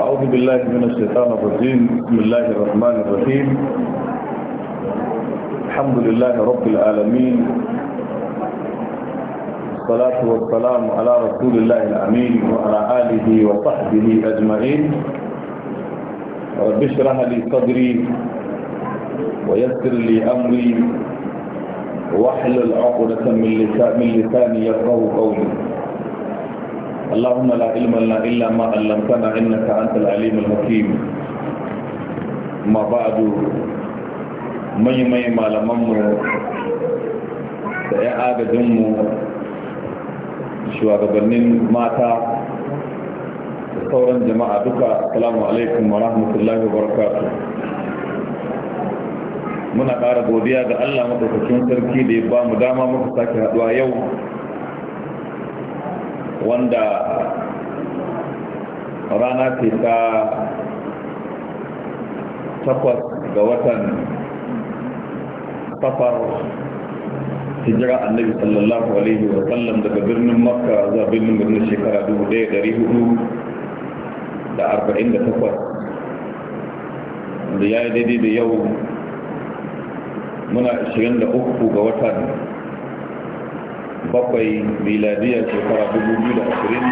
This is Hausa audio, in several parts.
أعوذ بالله من الشيطان الرجيم بسم الله الرحمن الرحيم الحمد لله رب العالمين والصلاة والسلام على رسول الله الأمين وعلى آله وصحبه أجمعين رب اشرح لي صدري ويسر لي أمري واحلل عقدة من لساني يفقه قولي اللهم لا علم لنا إلا ما علمتنا إنك أنت العليم الحكيم ما بعد مي مي ما لمم يا آغا جمو شو آغا بنين ماتا صورا جماعة دكا السلام عليكم ورحمة الله وبركاته muna ƙara godiya ga Allah mafi cikin sarki da ya ba mu dama muka sake wanda rana ce ta takwas ga watan safar hijira annabi sallallahu alaihi wa sallam daga birnin makka zuwa birnin birnin shekara 1448 da ya yi daidai da yau muna 23 ga watan bakwai miladiyar shekara dubu biyu da ashirin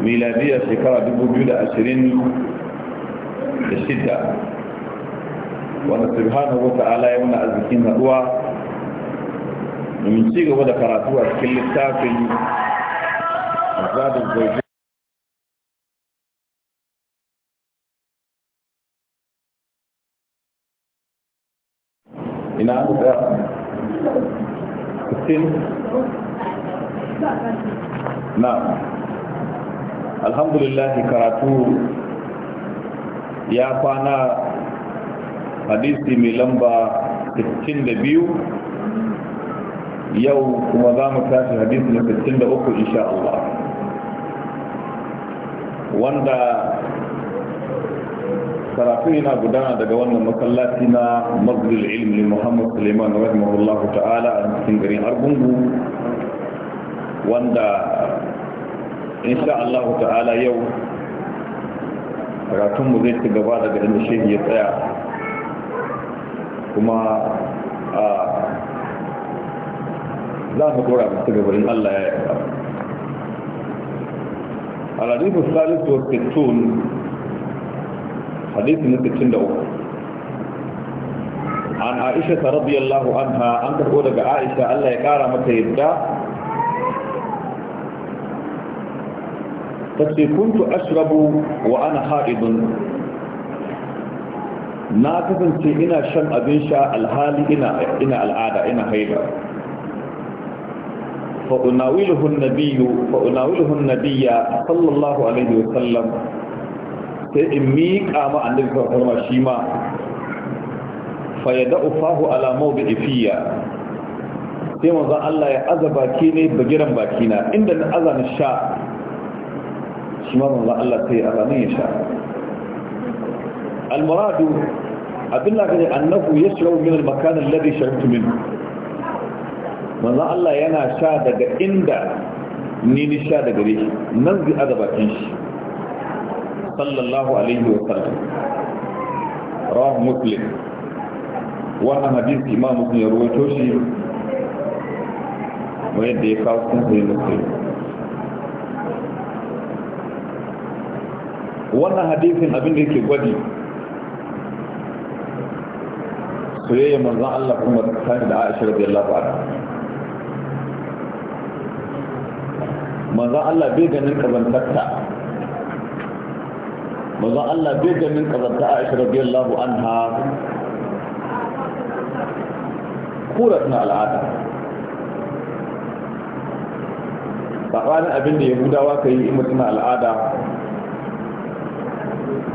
miladiyar shekara dubu biyu da ashirin da shida wanda subhanahu wa ta'ala ya muna arzikin haduwa domin ci gaba da karatu a cikin littafin zadin zaitun ina an tsaya hamsin na alhamdulillah karatu ya kwana hadisi mai lamba da biyu yau kuma za mu tashi hadisi na uku insha Allah wanda karatu yana gudana daga wannan masallaci na mazlul ilmi muhammad suleiman rahimahullahu ta'ala a cikin garin argungu wanda insha Allah ta'ala yau karatunmu zai ci gaba daga inda shehi ya tsaya kuma a za mu dora mu ci gaba in Allah ya yi aladun salisu wa hadisi na 63 an aisha ta radiyallahu anha an karbo daga aisha Allah ya kara mata yadda tace kuntu ashrabu wa ana haidun na kasance ina shan abin sha alhali ina al'ada ina haida fa unawiluhu an-nabiyyu fa wa sallam sai in miƙa ma annabi farfarma shi ma fa ya da'u fahu ala ifiya sai manzo Allah ya aza baki ne bagiran baki na inda na aza na sha shi ma manzo Allah sai aza ne ya sha al-muradu abin da kaje annahu yashrabu min al-makan alladhi sharibtu min manzo Allah yana sha daga inda ni ni sha daga gare nan zai aza bakin shi sallallahu alaihi wa sallam rawahu wannan hadisi imam muslim ya rawaito shi wa yadda ya kawo sun sai muslim wannan hadisin abin da yake gwadi soyayya manzon Allah kuma tsakanin da Aisha radiyallahu anha manzon Allah bai ganin kazantarta manzon Allah bai ganin kazanta Aisha radiyallahu ha? kura suna al'ada sabanin abin da yahudawa ka yi in suna al'ada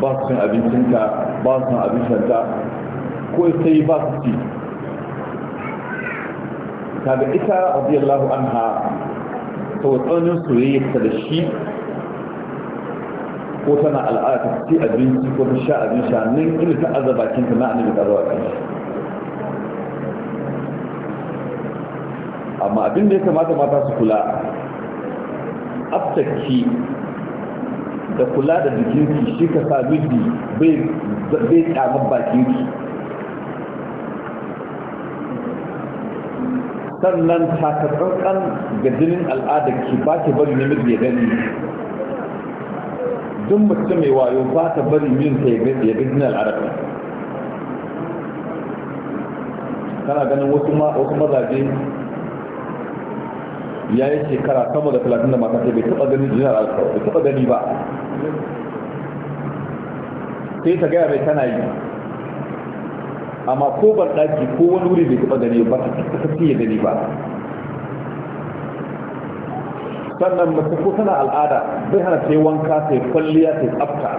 ba su cin abincinta ba su cin abincinta ko ita yi ba su ci kaga ita radiyallahu anha sau tsaunin soyayyarta da shi ko tana al'ada ta ci abinci ko ta sha abin sha nan ina ta aza bakin ta na annabi ta zuwa kan amma abin da ya kamata mata su kula aftaki da kula da jikinki shi ka sa miji bai kyamar bakinki sannan takatsantsan ga jinin ki ba ki bari namiji ya gani duk mace mai wayo ba ta bari yin ta ya ga jinin al'arabi kana ganin wasu mazaje ya yi shekara sama da talatin da mata bai taɓa ganin jinin al'arabi bai taɓa gani ba sai ta gaya mai tana yi amma ko ban daji ko wani wuri bai taɓa gani ba ta taɓa ya gani ba sannan mace ko tana al'ada zai hana ta yi wanka ta yi kwalliya ta yi tsafta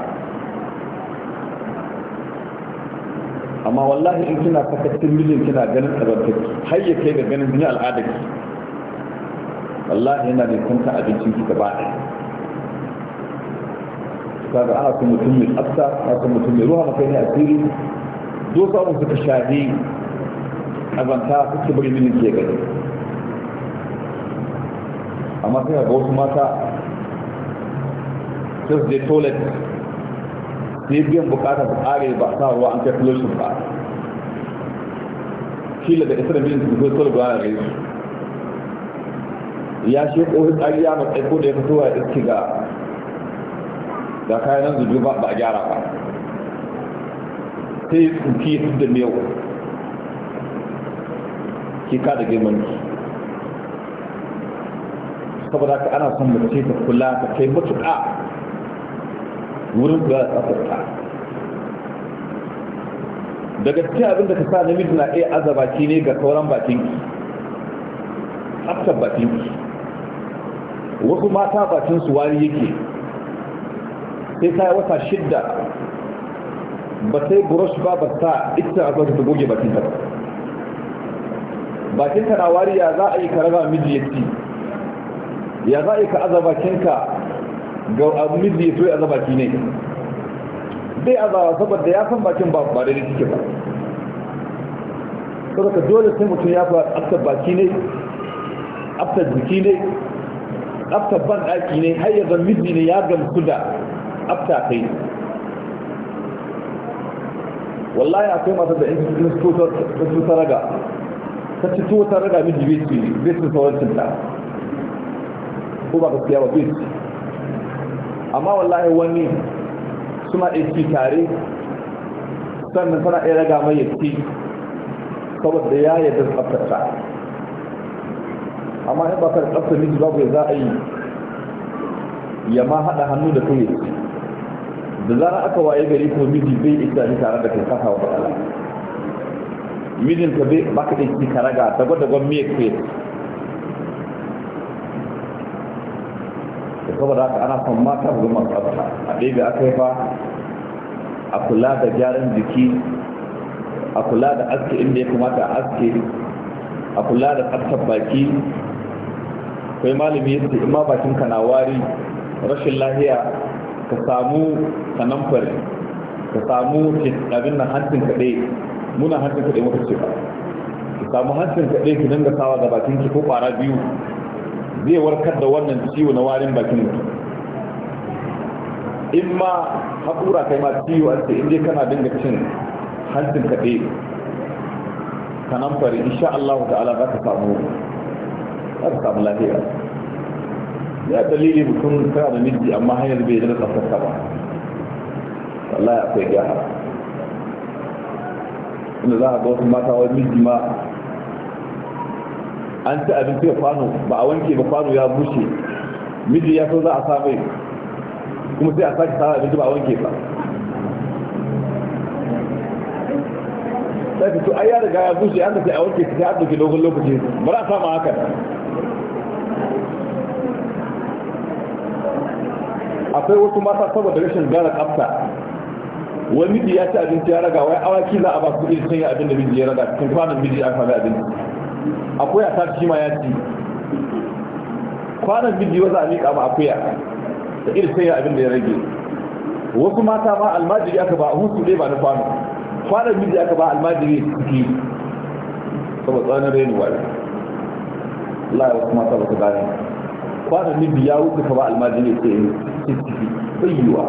amma wallahi in kina sakacin mijin kina ganin tsabantaki har ya kai ga ganin jini al'ada ki wallahi yana da kanta abincin ki gaba ɗaya kaga ana son mutum mai tsafta ana son mutum mai ruwa makai ne a asiri dosa mu suka shahi azanta suke bari mijin ke gani amma sai ga wasu mata sai su je toilet sai biyan bukata su tsare ba sa ruwa an kai floshin ba shi da isa da biyan su zai toilet ya rai gaisu ya shi ko tsari ya matsayi ko da ya fito ya iske ga ga kayan nan zubi ba a gyara ba sai ya tsuki ya da miyau ki ka da girman ki saboda ka ana son mace ta kula ta kai matuƙa wurin kula da Daga da gaske da ka sa namiji na iya aza baki ne ga sauran bakin ki tsaftar bakin ki wasu mata bakin su wari yake sai ta yi wata shidda ba sai burush ba ba sa ita a ta goge bakin ta ba bakin ta na wariya za a yi karaga miji ya ci ya za a yi ka azabakinka ga abin da ya soya azabaki ne bai azaba saboda ya san bakin ba ba daidai cike ba saboda dole sai mutum ya fara aftar baki ne aftar jiki ne aftar ban daki ne har ya zan miji ne ya gamsu da aftar kai wallahi akwai masu da in su raga ta ci ta raga miji bai su sauran cinta ko ba gaskiya ba bin amma wallahi wani suna aiki tare sannan tana iya raga mai yaki saboda ya yarda tsaftarta amma in ba ka tsabtar miji babu ya za a yi ya ma haɗa hannu da kai da zara aka waye gari ko miji zai isa ni tare da kai kasa wa matsala mijinka bai baka da ki karaga daga dagon miyar kai saboda haka ana son mata bugun zama tsafta a ɗebe aka yi fa a kula da gyaran jiki a kula da aske inda ya kamata a aske a kula da tsaftar baki kai malami ya ce in ma bakin ka na wari rashin lahiya ka samu kanamfari ka samu abin na hancin kaɗai muna hancin kaɗai muka ce ba samu hancin kaɗai ki dinga sawa ga bakin ki ko ƙwara biyu zai warkar da wannan ciwo na warin bakin mutum in ma haƙura kai ma ciwo a ce inda kana dinga cin hancin kaɗe ka nan fari insha Allah ta'ala za ka samu za ka samu ya dalili mutum kana da miji amma hanyar bai da tsaftarka ba wallahi akwai gyara inda za a ga wasu mata wani miji ma an ci abinci da kwano ba a wanke ba kwano ya bushe miji ya so za a samai kuma sai a sake sa abinci ba a wanke ba sai ka to ai ya riga ya bushe an sai a wanke sai a dauki dogon lokaci ba za a samu haka akwai wasu mata saboda rashin gara tsafta wani miji ya ci abinci ya raga wai awaki za a ba su irin sanya abin da miji ya raga cikin kwanan miji an sami abinci akwai a tafi ma ya ci kwanan bidiyo za a miƙa ma akuya da irin sai abin da ya rage wasu mata ma almajiri aka ba hun su ɗaya ba na kwano kwanan bidiyo aka ba almajiri suke saboda tsanin rainu wani la wasu mata ba ta gane kwanan bidiyo ya wuce ka ba almajiri ke in ciki bayyiwa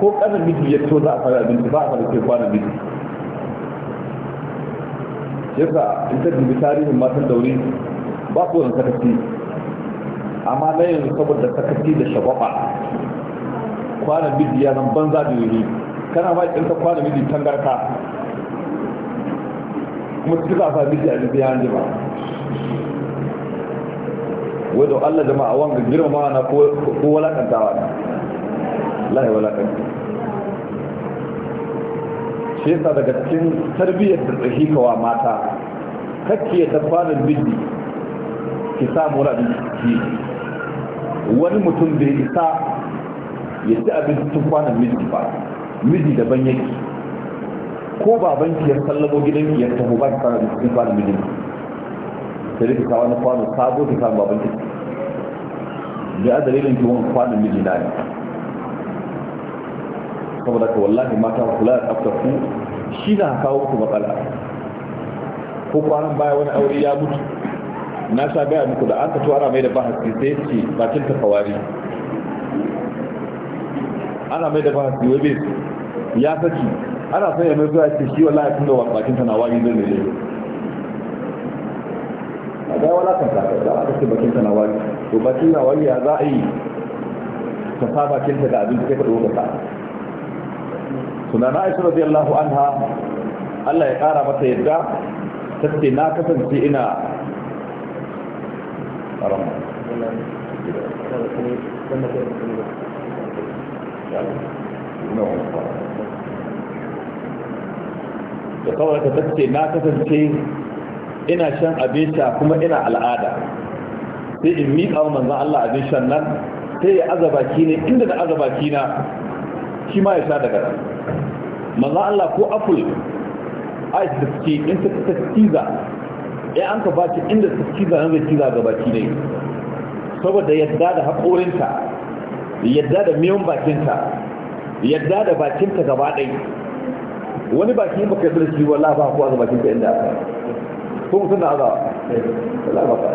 ko ƙanan bidiyo ya to za a fara abinci ba a fara sai kwanan bidiyo yasa in ta dubi tarihin matan daure ba su wani sakaci amma na yanzu saboda sakaci da shababa kwanan miji ya zan banza da yuri kana ma ƙinta kwanan miji tangarka kuma su suka sa miji a jirgin yan jima wadda allah jama'a wanga girma na ko walakantawa ne lahi walakanta shi yasa daga cikin tarbiyyar da tsaki kawa mata kakkiye ta kwanan bidi ki samu rabi ki wani mutum bai isa ya ci abinci tun kwanan miji ba miji daban yake ko baban ki ya sallamo gidan ki ya taho ba ki fara da kwana miji ba? sai ki kawo na kwano sabo ki samu baban ki da dalilin ki wani kwana miji na ne saboda ka wallahi mata kula da tsaftar shi na kawo ku matsala ko kwanan baya wani aure ya mutu na sha gaya muku da an ka ana mai da bahasi sai ce bakin ta kawari ana mai da bahasi wai ya saki ana sai mai zuwa ce shi wallahi tun da bakin ta na wari zai ne a ga wala kan ta da aka ce bakin ta na wari, to bakin na wari ya za a yi ta sa bakin ta da abin sai ka ɗauka ta sunana aisha radiyallahu anha Allah ya kara mata yadda ta ce na kasance ina ƙarama da kawai ta tace na kasance ina shan abin kuma ina al'ada sai in miƙa wa manzan Allah abin nan sai ya azabaki ne inda da azabaki na shi ma ya sha daga nan maza Allah ko apple ice da suke in ta ta ciza ya an ka baki inda ta ciza nan zai ciza ga baki ne saboda yadda da haƙorinta yadda da miyan bakinta yadda da bakinta gaba ɗai wani baki yin baka yadda da shi wallah ba a ga ta inda aka ko mutum da azawa wallah ba ka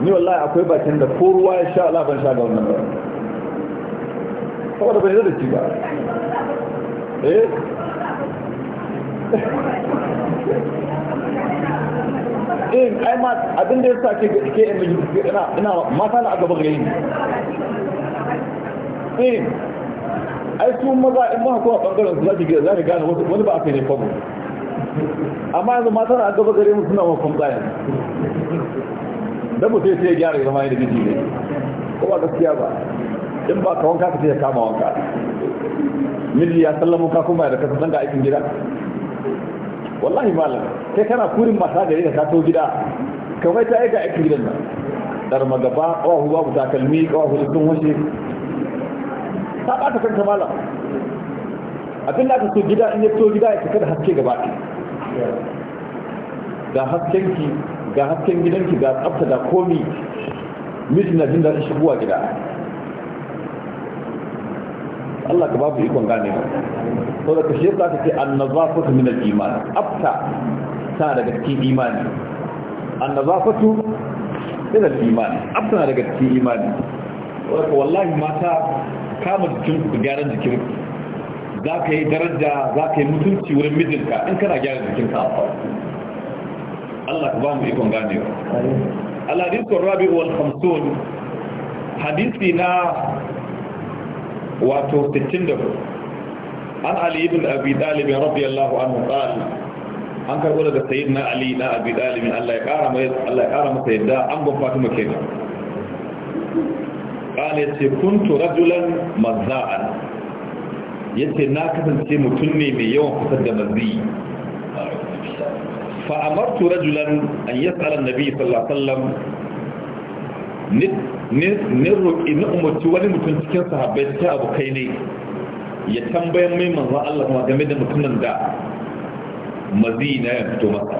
ni wallahi akwai bakin da ko ruwa ya sha Allah ban sha ga wannan ba saboda bai da shi ba eh in eh, ai ma abin da ya sa ke ke ina ina mata na gaban gari. ni in eh, ai su maza in ba ko a bangaren su zaki zaki gane wani ba a ne fago amma yanzu mata na gaban gari suna wa kwamza yanzu dan mutum sai ya gyara zama yadda miji ne ko ba gaskiya ba in ba ka wanka ka ce kama wanka miji ya sallamo ka kuma da kasan da aikin gida wallahi malam kai kana kurin mata da ka to gida kamar ta aika aikin gidan nan dar magaba kawahu babu takalmi kawahu sun washe ta bata kanta malam abin da aka so gida in ya to gida ya fita da haske gaba ga haskenki ga hasken gidanki ga tsafta da komi mijin na jin daɗin shigowa gida Allah ka babu ikon gane ba to da kashe za ka ce annazafatu min al-iman afta tana daga cikin imani annazafatu min al-iman afta tana daga cikin imani wato wallahi mata kama jikin ku gyaran jikin za ka yi daraja za ka yi mutunci wurin mijinka in kana gyara jikinka Allah ka ba mu ikon gane ba al-hadith rabi'u wal khamsun hadisi na واتو عن علي بن أبي طالب رضي الله عنه قال عن كرولة سيدنا علي بن أبي طالب الله يكرم الله يكرم سيدنا عن فاطمة كذا قال يتي كنت رجلا مزاعا يتي ناكسا سي متني بيوم فسد مزي فأمرت رجلا أن يسأل النبي صلى الله عليه وسلم ne roƙi na umarci wani mutum cikin sahabbai cikin abokai ne ya tambayan mai manzan Allah kuma game da mutumin da mazi na ya fito masa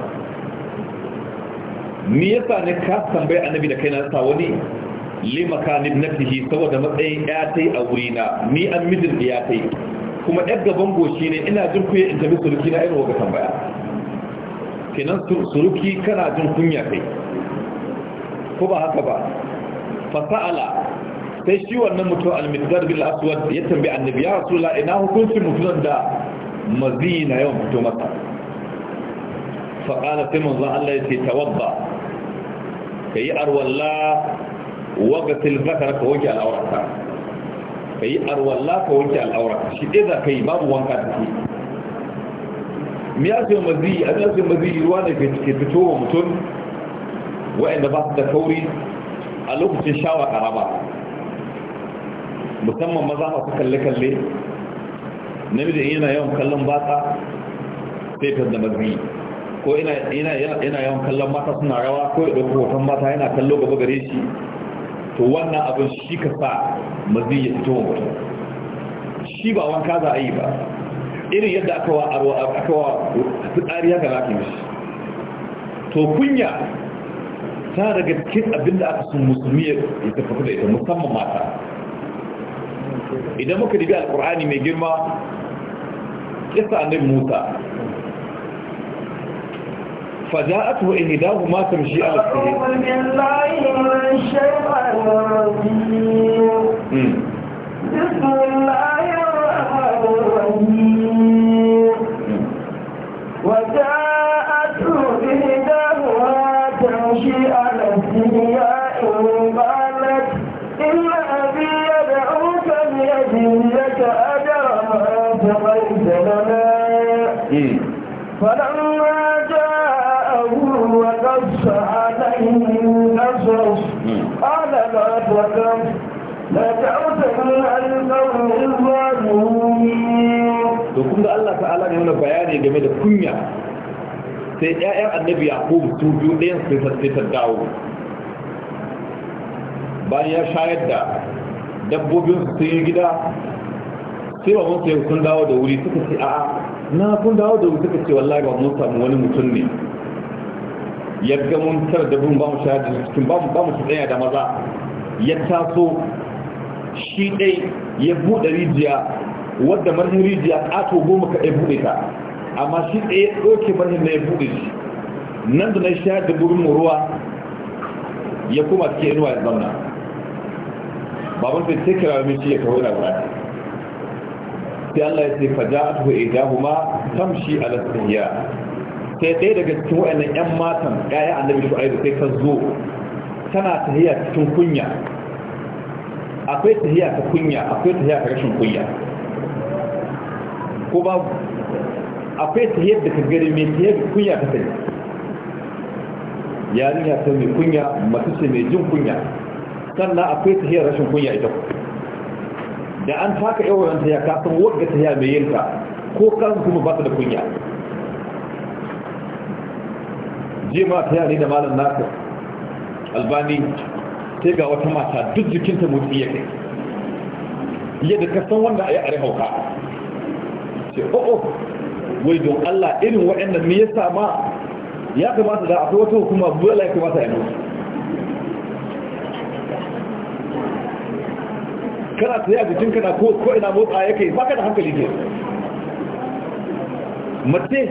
ni ya sa ne ka tambayi annabi da kai na sa wani na fihi saboda matsayin ya yi a wurina ni an mijin da ya yi. kuma ɗan gaban goshi ne ina jin kuya in tafi suruki na irin waka tambaya kenan suruki kana jin kunya kai ko ba haka ba fasa'ala sai shi wannan mutum al-miqdad bil aswad ya tambayi annabi ya rasulullah ina hukuncin mutumin da mazi na yawan fito masa faƙala sai manzan Allah ya ce tawabba ka yi arwalla waga silbatar ka wanke al'aurata ka yi arwalla ka wanke al'aurata shi ɗaya za kai babu wanka ta ke miyashin mazi a miyashin mazi ruwa ne ke fito wa mutum wa'anda ba su da kauri a lokacin shawa karama musamman maza masu kalle-kalle namiji yana yawan kallon batsa sai ta da mazmi ko yana yawan kallon mata suna rawa ko ya ɗauki hoton mata yana kallo gaba gare shi to wannan abin shi ka sa mazi ya fito mutum shi ba wanka za a yi ba irin yadda aka wa fitsari haka ga ka shi to kunya ta daga cikin abin da aka sun musulmi ya tafi da ita musamman mata idan muka dibi alkur'ani mai girma kisa annabi musa فجاءته إهداهما تمشي على السرير أعوذ بالله من الشيطان الرجيم بسم الله تبين لنا فلما جاءه وقص عليه النصر قال لا تكف لتعتمن القوم الظالمين to kun Allah ta'ala ne wani bayani game da kunya sai ƴaƴan annabi Yakubu su biyu ɗayan sai ta dawo bayan ya shayar da dabbobin su sun yi gida sai ba sai kun dawo da wuri suka ce a'a na kun dawo da wuri suka ce wallahi ba mun samu wani mutum ne yadda mun tar da bin ba mu shahada cikin ba mu ba mu tsaya da maza ya taso shi dai ya buɗe rijiya wadda marhin rijiya ato goma ka ya buɗe ta amma shi ɗaya ya ɗauke marhin ne ya buɗe shi nan da na da burin ruwa ya kuma cikin inuwa ya zauna baban sai sai kira mai shi ya kawo na bukata sai Allah ya ce faja'atu idahuma tamshi ala sayya sai ɗaya daga cikin wayannan ƴan matan ƴaƴa annabi shu'aibu sai ta zo tana tahiya cikin kunya akwai tahiya ta kunya akwai tahiya ta rashin kunya ko ba akwai tahiyar da ka gari mai tahiyar kunya ta kai yarinya ta mai kunya mace ce mai jin kunya sannan akwai tahiyar rashin kunya ita ku da an taka yawan ta ya kasan wadda ta ya mai yinka ko kan kuma ba ta da kunya ma ta yare da malam nasir albani sai ga wata mata duk jikinta motsi ya kai yadda ka san wanda a yi are hauka ce o'o oh, oh, wai don allah irin waɗannan me ya sama ya kamata da akwai wata hukuma buwala ya kamata ya nufi kana tsaye a jikin kana ko ko ina motsa ya ba baka da hankali ke mace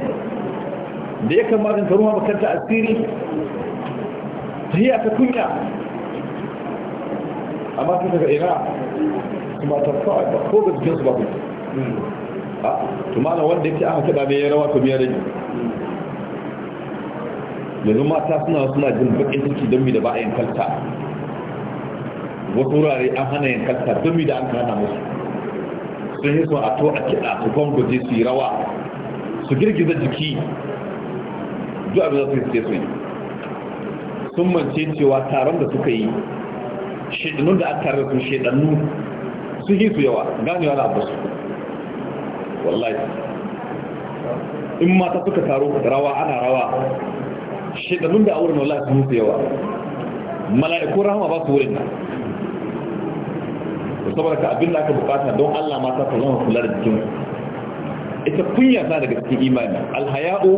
da ya kamata ta ruwa makanta asiri ta ta kunya amma ta daga ina kuma ta fa ba ko ga jikin su ba ku a tumana wanda yake aka kada ya rawa to biya rage yanzu mata suna suna jin bakin ciki don mi da ba'ayin kalta wasu wurare an hana yin kanta, domin da an kana musu sun yi so a to a kiɗa su gwangwaje su yi rawa su girgiza jiki duk abin da su yi su yi sun mance cewa taron da suka yi shaidanun da aka su, shaɗannu su yi su yawa ganewa na abusu wallahi in mata suka taro rawa ana rawa Shaidanun da a wurin wallahi sun yi su yawa mala'iku rahama ba su wurin nan saboda ka abin da aka bukata don Allah ma ta zama kula da jikin ita kunya tana daga cikin imani alhaya'u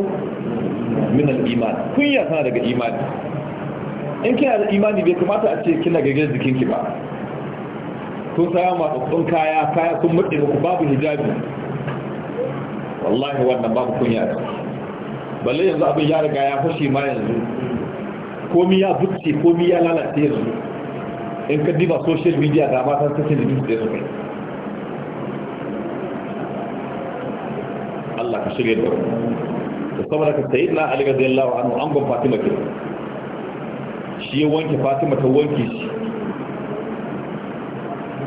min al-iman kunya tana daga imani in kina da imani bai kamata a ce kina gage jikin ki ba kun saya babban kaya kaya kun mutse muku babu hijabi wallahi wannan babu kunya balle yanzu abin ya riga ya fashe ma yanzu komi ya butse komi ya lalace yanzu in ka diba social media da matan take da duk da su kai Allah ka shirye da to saboda ka sayi na Ali radiyallahu anhu an gon Fatima ke shi ya wanke Fatima ta wanke shi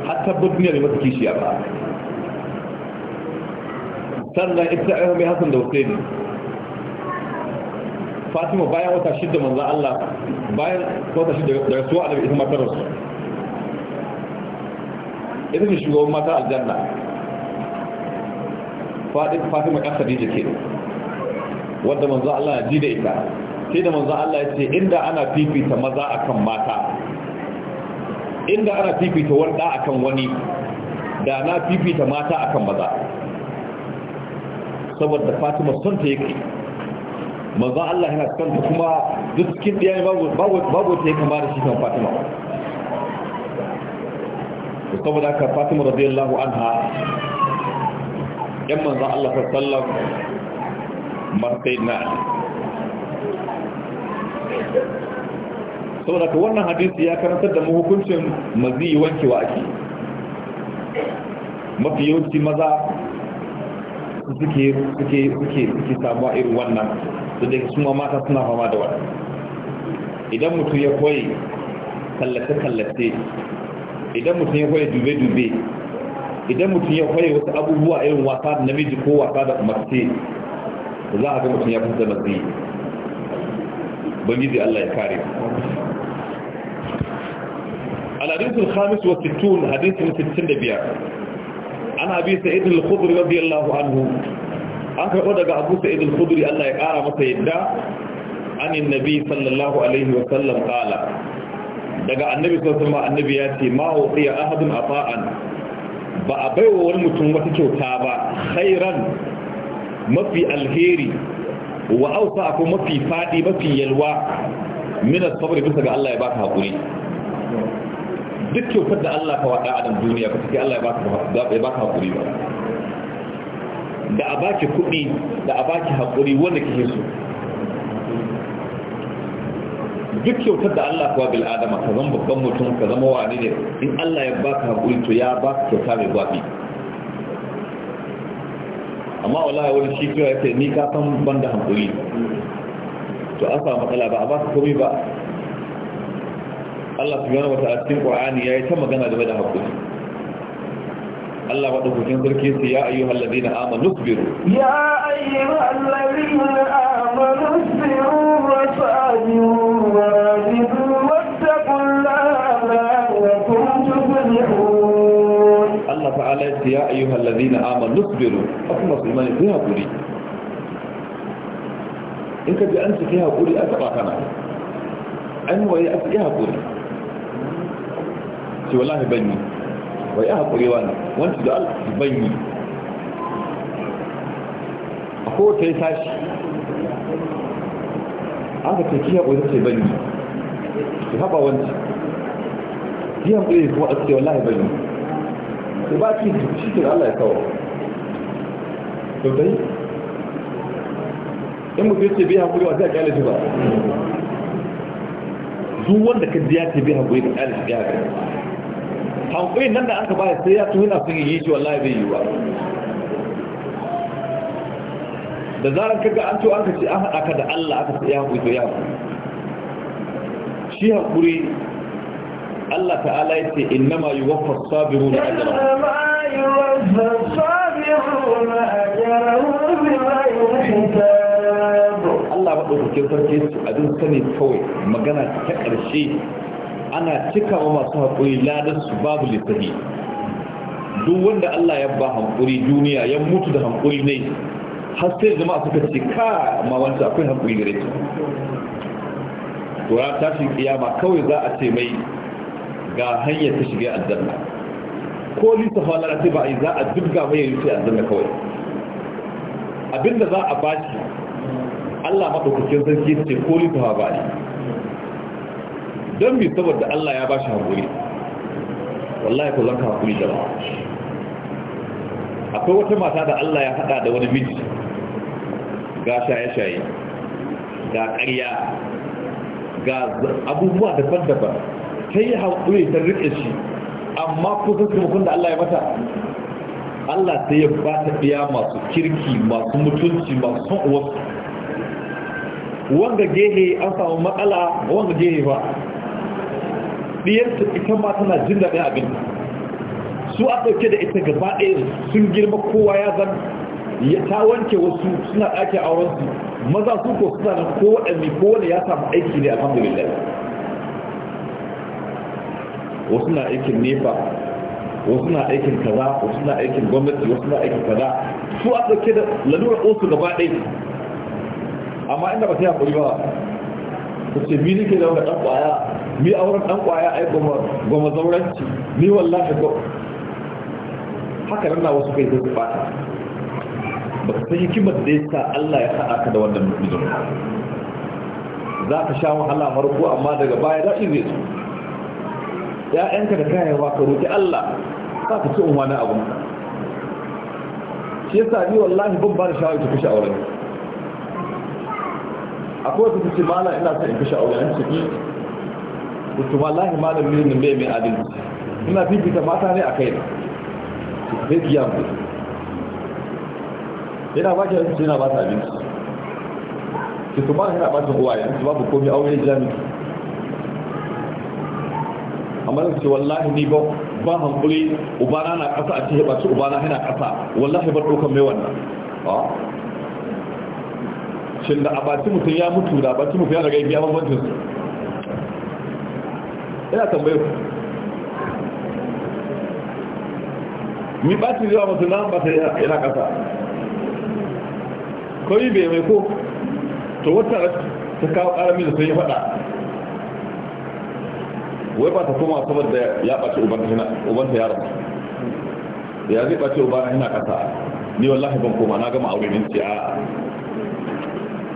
hatta duniya ne mata kishiya ba sannan ita ayyuka mai Hassan da Hussein Fatima bayan wata shidda manzo Allah bayan wata shidda da rasuwa da ita matar rasuwa ita shugaban mata aljanna fatima ƙasa da ke wadda manzo Allah ya ji da ita sai da manzo Allah ya ce inda ana fifita maza akan mata inda ana fifita wanda akan wani da na fifita mata akan maza saboda fatima son ta yake manzo Allah yana son ta kuma duk cikin ya babu babu ta yake kamar shi kan fatima saboda aka fatima radiyallahu anha yan manzo Allah sallallahu martaina saboda ka wannan hadisi ya karantar da mu hukuncin mazi wankewa ake mafi yawanci maza suke suke suke suke samuwa irin wannan da dai su ma mata suna fama da wannan idan mutum ya koyi kallace kallace idan mutum ya kwaye dube-dube idan mutum ya kwaye wasu abubuwa irin wasa da namiji ko wasa da mace za a ga mutum ya fasa matsi bangiji Allah ya kare الحديث الخامس والستون حديث من ستين دبيع أبي سعيد الخضر رضي الله عنه أنك أدق أبو سعيد الخضر أن يقار مسيدا عن النبي صلى الله عليه وسلم قال daga annabi sosai ma annabi ya ce ma uqiya ahadun fa'an ba a baiwa wani mutum wata kyauta ba khairan mafi alheri wa auta ko mafi fadi mafi yalwa min sabari bisa ga Allah ya baka hakuri duk kyautar da Allah ka waɗa a duniya ba suke Allah ya baka ya baka hakuri ba da a baki kuɗi da a baki hakuri wanda kike so duk kyautar da Allah kuwa bil adama ka zama babban mutum ka zama wani ne in Allah ya baka hakuri to ya baka kyauta mai gwabi amma wallahi wani shi kira yake ni ka san ban da hakuri to an samu matsala ba a ba baka komai ba Allah wata wata'ala cikin ya yi ta magana game da hakuri Allah madaukakin sarki sai ya ayyuhal ladina amanu sabiru ya ayyuhal ladina amanu sabiru wa sabiru يا أيها الذين آمنوا اصبروا أكما سلمان فيها قولي إنك بأنت فيها قولي أتبع كما أنه فيها قولي سوى الله بني ويأها قولي وانا وانت دعال بني أقول تيساش أنت تكيها قولي بني في هبا وانت فيها قولي أتبع والله بني to ba ci shi ke Allah ya kawo to dai in mu ya ce bai hakuri wa zai kyale shi ba duk wanda ka ji ya ce bai hakuri ka kyale shi ya ga hakuri nan da aka baya sai ya na sun yi shi wallahi bai yi ba da zarar ga an to an ka ce an haɗa ka da Allah aka sai ya hakuri to ya hakuri shi hakuri Allah ta'ala ya ce inna yuwaffa sabirun ajrahum innama yuwaffa sabirun Allah ba dokokin sarki su abin sani kawai magana ta karshe ana cika wa masu haƙuri ladar su babu littafi duk wanda Allah ya ba hankuri duniya ya mutu da hankuri ne har sai jama'a suka ce ka ma akwai hankuri gare ta to ya tashi kiyama kawai za a ce mai ga hanyar ta shiga aljanna ko lisa halar ta ba a yi za a dubga mai yuce aljanna kawai abinda za a baki Allah zan ke ce ko lisa ba ne don bi saboda Allah ya bashi hakuri, wallahi ko zanka hakuri da ba akwai wata mata da Allah ya haɗa da wani miji ga shaye-shaye ga ƙarya ga abubuwa daban-daban ta yi haƙuri ta riƙe shi amma kusan taimakon da Allah ya mata Allah ta ya ba ta biya masu kirki masu mutunci masu son uwarsu wanda gehe an samu matsala wanda gehe ba ɗiyarta ita ma tana jin daɗin abin su a ɗauke da ita gaba ɗaya sun girma kowa ya zan ta wanke wasu suna ɗake aurensu maza su ko suna nan ko waɗanne ko wani ya samu aiki ne alhamdulillah wasu na aikin nefa wasu na aikin kaza wasu na aikin gwamnati wasu na aikin kaza su a ɗauke da lalura ɗansu gaba ɗai amma inda ba ta yi haƙuri ba ta ce mi nake da ɗan ƙwaya mi auren ɗan ƙwaya ai goma zauranci ni wallahi ga haka nan na wasu kai zai fata ba ka san hikimar da ya sa Allah ya sa'a ka da wannan mutum za ka sha wahala farko amma daga baya za zai su ya'yanka da ba ka roki Allah ba ka ci wani abu shi ya sami wallahi ban ba da shawara ki kashe a akwai su ce mala ina son in kashe an ciki eh. wato wallahi malar ne mai mai adin. ina fifita mata ne a kai na zai biya mu yana ba ki yana ba ta abinci ki su ba yana ba ta yana su ku komi aure jami'i amma zai ce wallahi ni ba ba hankuri ubana na kasa a cikin ba ubana yana kasa wallahi ba dokan mai wannan shin da abaci mutum ya mutu da abaci mutum ya daga biya bambancin su ina tambaye ku mi ɓaci zuwa mutum na ba ta yana kasa kawai bai mai ko to wata ta kawo ƙarami da sun yi faɗa wai ba ta koma saboda ya ɓace ubanta ya rasu ya zai ɓace ubana yana ƙasa ni wallahi ban koma na gama aure ne ce a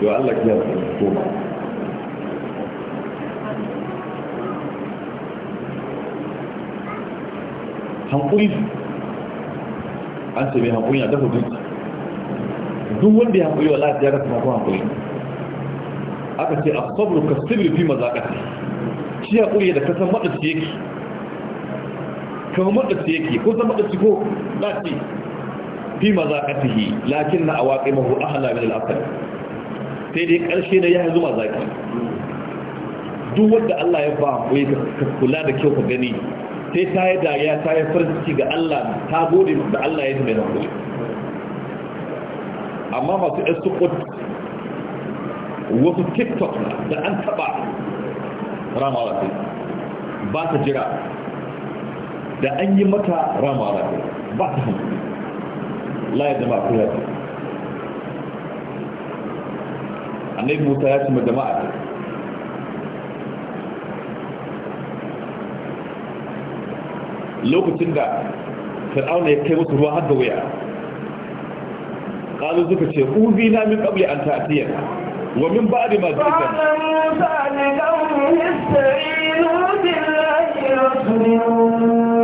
yau Allah kiyar koma hankuri an ce mai hankuri na dafa duk duk wanda ya hankuri wallahi ya rasu na kuma hankuri aka ce a sabru ka sibir fi mazaƙa shi haƙuri da kasan maɗaci yake kama maɗaci yake ko san maɗaci ko lati fi ma za ka tahi lakin na awaƙi mahu ahala min al'asar sai dai ƙarshe na ya zuma zaki duk wanda Allah ya ba ya ka kula da kyau ka gani sai ta yi dariya ta yi farin ga Allah ta gode da Allah ya mai yi. amma masu yan sukut wasu tiktok da an taba ramawa sai ba ta jira da an yi mata ramawa sai ba ta hankali la ya zama kula ta annabi musa ya ce ma jama'a ta lokacin da fir'auna ya kai musu ruwa har da wuya ƙalu suka ce uzi na min ƙabli an ta'atiyar ومن بعد ما جئت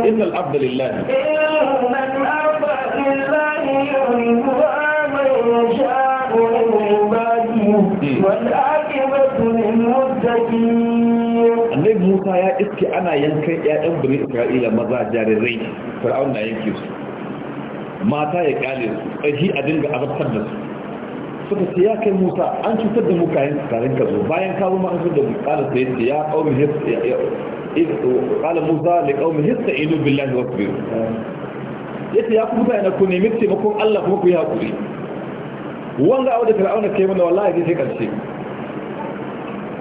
إن العبد لله Annabi Musa ya iske ana yankan ‘ya'yan birnin Isra'ila maza jarirai, fir'aun na yanke su, mata ya ƙale su, ƙarfi a dinga azabtar da su. suka siya kai musa an cutar da muka yin karin ka zo bayan kawo ma an cutar da mu kala sai ce ya kaumin kala musa da kaumin hissa inu billahi wa kubiru ya ce ya kuma mutane ku nemi taimakon allah kuma ku yi haƙuri wanda abu da fir'auna ke mana wallahi sai karshe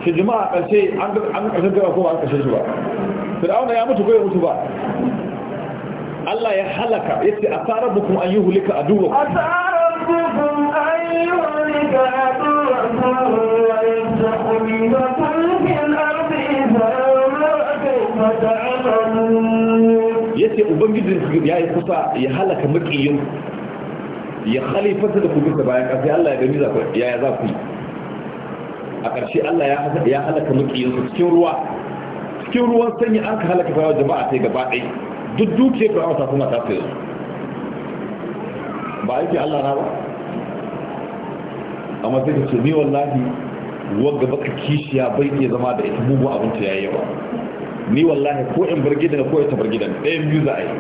shi jima'a karshe an karshen gaba kuma an karshe shi ba fir'auna ya mutu ko ya mutu ba Allah ya halaka yace asarabukum an yuhlika aduwakum asarabukum an yace ubangijin ya yi kusa ya halaka makiyin ya khalifarsa da kubinsa bayan ƙasa Allah ya gani ya ya za ku yi a ƙarshe Allah ya halaka su cikin ruwa cikin ruwan sanyi an ka halaka fara jama'a sai gaba ɗai duk dukiyar fir'aun ta kuma ta sayo ba yake Allah na ba amma sai ka ce ni wallahi wagga baka kishiya bai iya zama da ita mugu abinci ya yawa ni wallahi ko in bar gidan ko ita bar gidan ɗayan biyu za a yi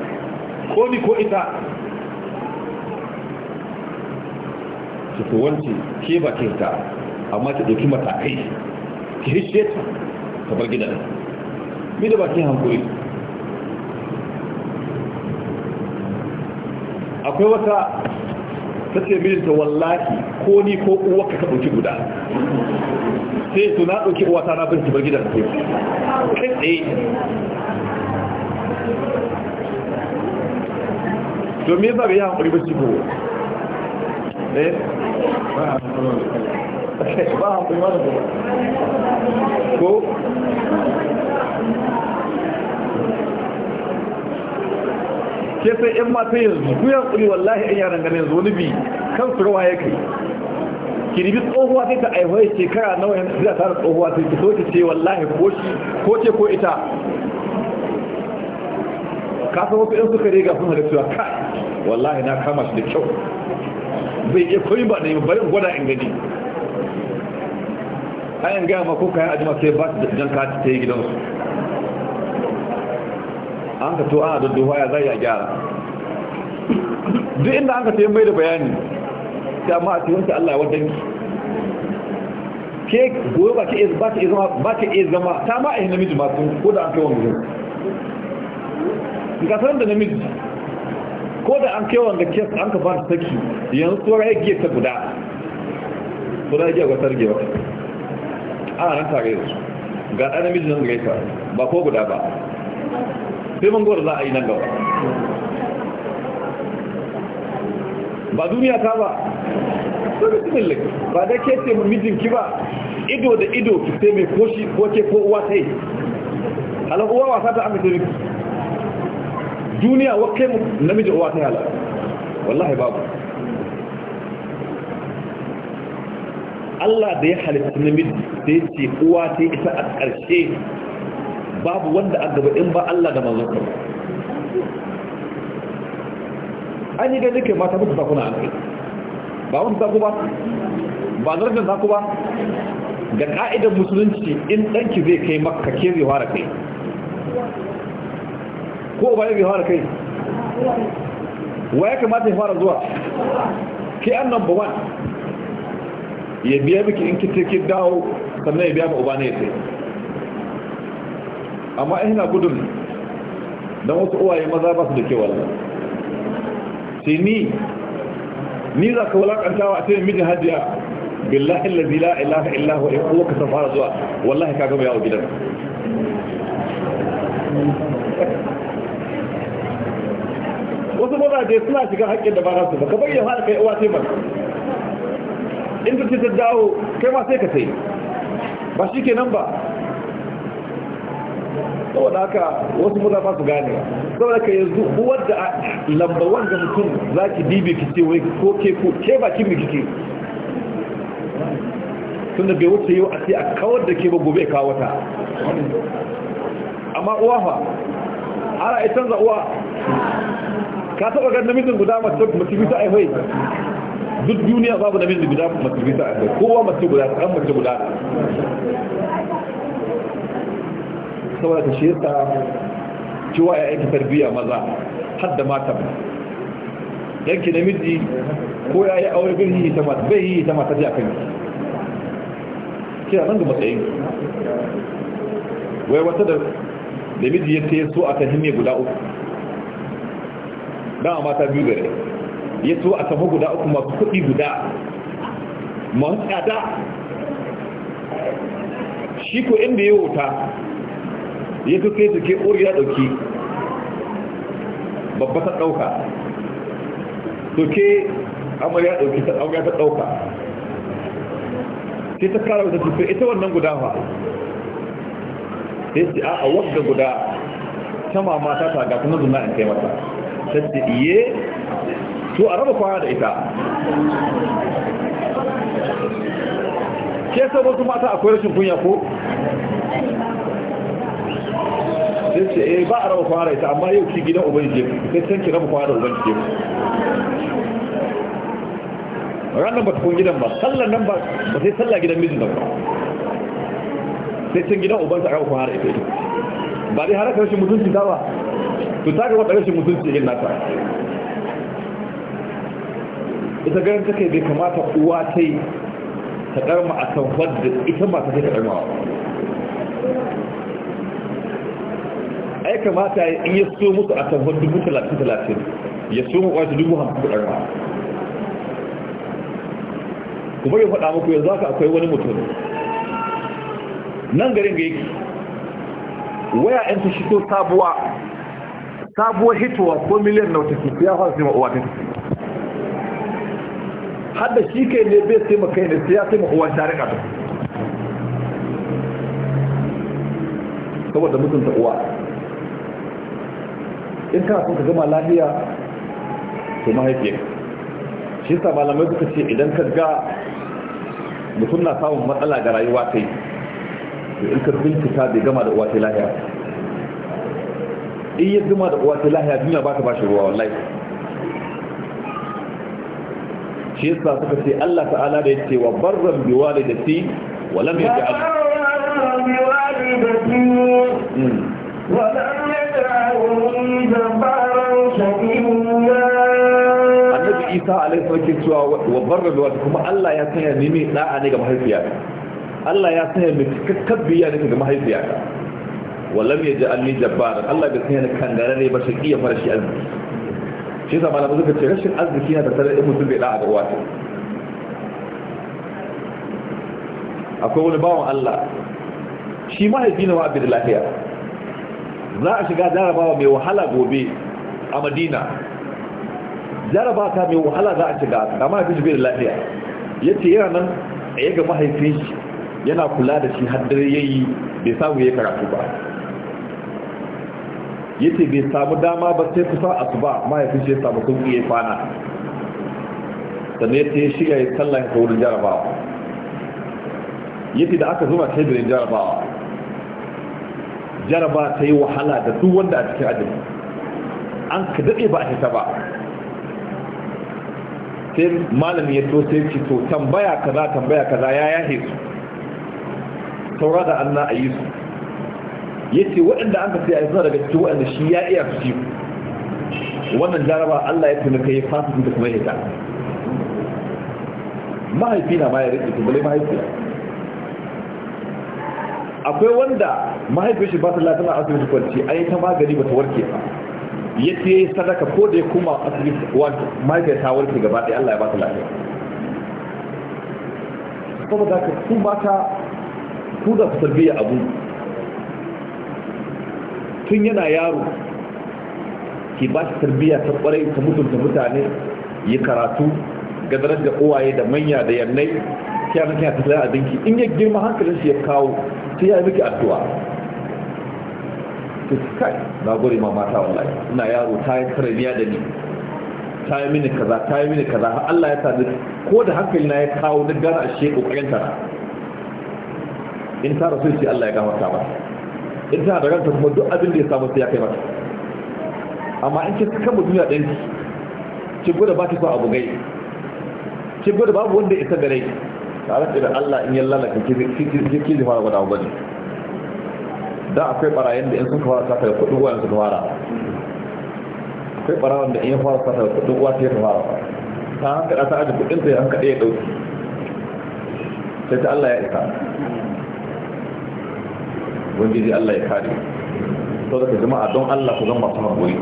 ko ni ko ita ki ko wance ke ba ke ta amma ki ɗauki matakai ki hishe ta ta bar gidan mi da bakin hankuri akwai wata ta ce ta wallahi ko ni ko uwa ka ɗauki guda sai su na ɗauki uwa ta na bin kibar gidan kai tsaye domin zaɓe ya hankali bacci ko eh ba hankali ba da ko ke sai yan mata yanzu yan kuri wallahi yan yaran ganin yanzu wani bi kan su rawa ya kai ki ribi tsohuwa sai ta aihuwa shekara nawa yanzu zai tara tsohuwa sai ki so ki ce wallahi ko shi ko ce ko ita ka san wasu yan suka riga sun halittu cewa ka? wallahi na kama shi da kyau Zai iya koyi ba da yi bari gwada in gani an gaya ma ko kayan ajima sai ba su jan kati ta yi gidansu an ka to ana dudduwa ya zai ya gyara duk inda an ka sayan mai da bayani ta ma a cikin Allah ya wadanki ke goyo ba ke iya zama ta ma a yi namiji masu ko da an kai wanga ga sanar da namiji ko da an kai wanga kes an ka ba ta saki yanzu tsoron ya giya ta guda tsoron ya giya ga sargewa ana nan tare da su ga ɗan namiji nan gaisa ba ko guda ba sai mangoro za a yi nan gaba ba duniya ta ba sai da tumillik ba da ke ce mijinki ba ido da ido ki sai mai koshi ko ce ko uwa ta yi uwa wasa ta amince miki duniya wakai namiji uwa ta yi halar wallahi babu Allah da ya halitta namiji da ya ce uwa ta yi isa a ƙarshe babu wanda a gaba in ba Allah da manzon an yi ganin nake mata mutu ta kuna an Ba ba wani zaku ba ba zargin zaku ba ga ka'idar musulunci in ɗanki zai kai makka ke zai fara kai ko ba zai fara kai wa ya kamata ya fara zuwa ke an number one ya biya miki in kice ke dawo sannan ya biya ba uba ne ya sai amma ina gudun don wasu uwaye maza ba su da kewa Allah sai ni ni za ka wulakantawa a cikin mijin hajiya billahi lalzi la ilaha illahu in kuma ka fara zuwa wallahi ka gama yawon gidan wasu mazaje suna shiga haƙƙin da ba su ba ka bayyana hana kai uwa teman in ta ce ta dawo kai ma sai ka sai ba shi ke nan ba saboda haka wasu muna ba su gane saboda ka yanzu uwar da lamba wanda mutum za ki dibe ki ce wai ko ke ko ke ba ki sun da bai wuce yau a ce a kawar da ke ba gobe kawo ta amma uwa fa ana ya canza uwa ka taba ga namijin guda mace bisa a aihai duk duniya babu namijin guda mace a aihai kowa mace guda kan mace guda saboda ka shi cewa ya aiki tarbiyya maza har da mata yanki namiji ko ya yi aure bin yi ta mata bai yi ta mata ta kan kira nan ga matsayin wai wata da namiji ya ce so a ta himye guda uku dama mata biyu gare ya so a tafi guda uku masu kuɗi guda masu tsada shi ko inda ya wuta ya kai su ke ori ya dauki babba ta dauka to ke amma ya dauki ta dauka ta dauka sai ta kara wata tufe ita wannan guda ba sai ce a wadda guda ta mama ta ta ga kuma zuna in kai mata ta ce iye to a raba kwana da ita ke sabon su mata akwai rashin kunya ko sai ce eh ba a raba kwara ita amma yau ki gidan uban ke sai san ki raba fara uban ke ranar ba ta kun gidan ba sallar nan ba ba sai sallar gidan mijin nan ba sai san gidan uban sa raba fara ita ba dai haraka rashin mutunci ta ba to ta wata rashin mutunci irin nata ita ganin take bai kamata uwa ta yi ta karma a kan wadda ita ba ta ta karma ba ya kamata in ya so musu a tabbar dubu talatin talatin ya so mu kwashe dubu hamsin kudin ma kuma ya faɗa muku yanzu haka akwai wani mutum nan garin ga yake waya yan ta shito sabuwa sabuwar hitowa ko miliyan na wata kifi ya fara sai uwa ta har da shi kai ne bai sai makai ne sai ya sai uwa ta rika ta saboda mutunta uwa in kana sun ka gama lafiya to mahaifiyar shi sa malamai suka ce idan ka ga mutum na samun matsala ga rayuwa kai to in ka bincika bai gama da uwace lahiya in ya gama da uwace lahiya duniya ba ta ba shi ruwa wallahi shi sa suka ce Allah ta'ala da ce wa barran bi walidati wa lam yaj'al wa hmm. lam isa alaihi sarki cewa wa barra da wata kuma Allah ya sanya ni mai da'a ne ga mahaifiyata, Allah ya sanya mai cikakkar biya ne ga mahaifiya wallam ya ja'al ni da Allah bai sanya ni kangare ne ba ya fara shi arziki shi yasa malamu suka ce rashin arziki na tattare da mutum bai da'a ga uwa akwai wani bawan Allah shi mahaifi na wa abin lafiya za a shiga jarabawa mai wahala gobe a madina jaraba ta mai wahala za a shiga amma fi shi bai da lafiya ya ce yana nan a yaga mahaifin shi yana kula da shi haddare ya yi bai samu ya karatu ba ya ce bai samu dama ba sai kusa a ba mahaifin shi ya samu sun iya kwana sannan ya ce ya shiga ya sallah wurin jarabawa ya ce da aka zuma tebirin jarabawa jaraba ta yi wahala da duk wanda a cikin ajin an ka daɗe ba a hita ba sai malami ya so sai ce to tambaya kaza tambaya kaza ya yahe su saura da an na a yi su ya ce waɗanda an ka sai a yi suna daga cikin waɗanda shi ya iya su ci wannan jaraba Allah ya tunaka ya fasa su da kuma hita mahaifi na ma ya rikki kuma bale mahaifi akwai wanda mahaifin shi ba ta lafiya asibiti kwanci ai ta magani ba ta warke ba Ya ce sadaka ko da ya koma asibiti wanda mahaifiyar ta warke gaba ɗaya Allah ya ba ta lafiya saboda ka ku ta ku da tarbiyya abu tun yana yaro ke ba shi tarbiyya ta kwarai ta mutunta mutane ya karatu ga da uwaye da manya da yannai kya miki a tattalin abinki in ya girma hankalin shi ya kawo sai ya miki addu'a to kai na gode ma mata wallahi ina yaro ta yi tarbiya da ni ta yi mini kaza ta yi mini kaza Allah ya sani ko da hankali na ya kawo duk gana ashe kokarin ta in ta rasu sai Allah ya gama gafarta mata in ta da ranta kuma duk abin da ya samu sai ya kai mata amma in ki kama duniya ɗin ki gwada ba ta so abu gai ki gwada babu wanda ya ta gare ki tare da Allah in yalla laka kike da fara gwada gwada da akwai barayen da in sun fara saka da kudu uwa sun fara akwai barayen da in fara saka da kudu wa ta fara ta da ta aji kudin sai hanka ɗaya ɗauki sai ta Allah ya isa ubangiji Allah ya kare to daga jama'a don Allah ku zama masu hankuri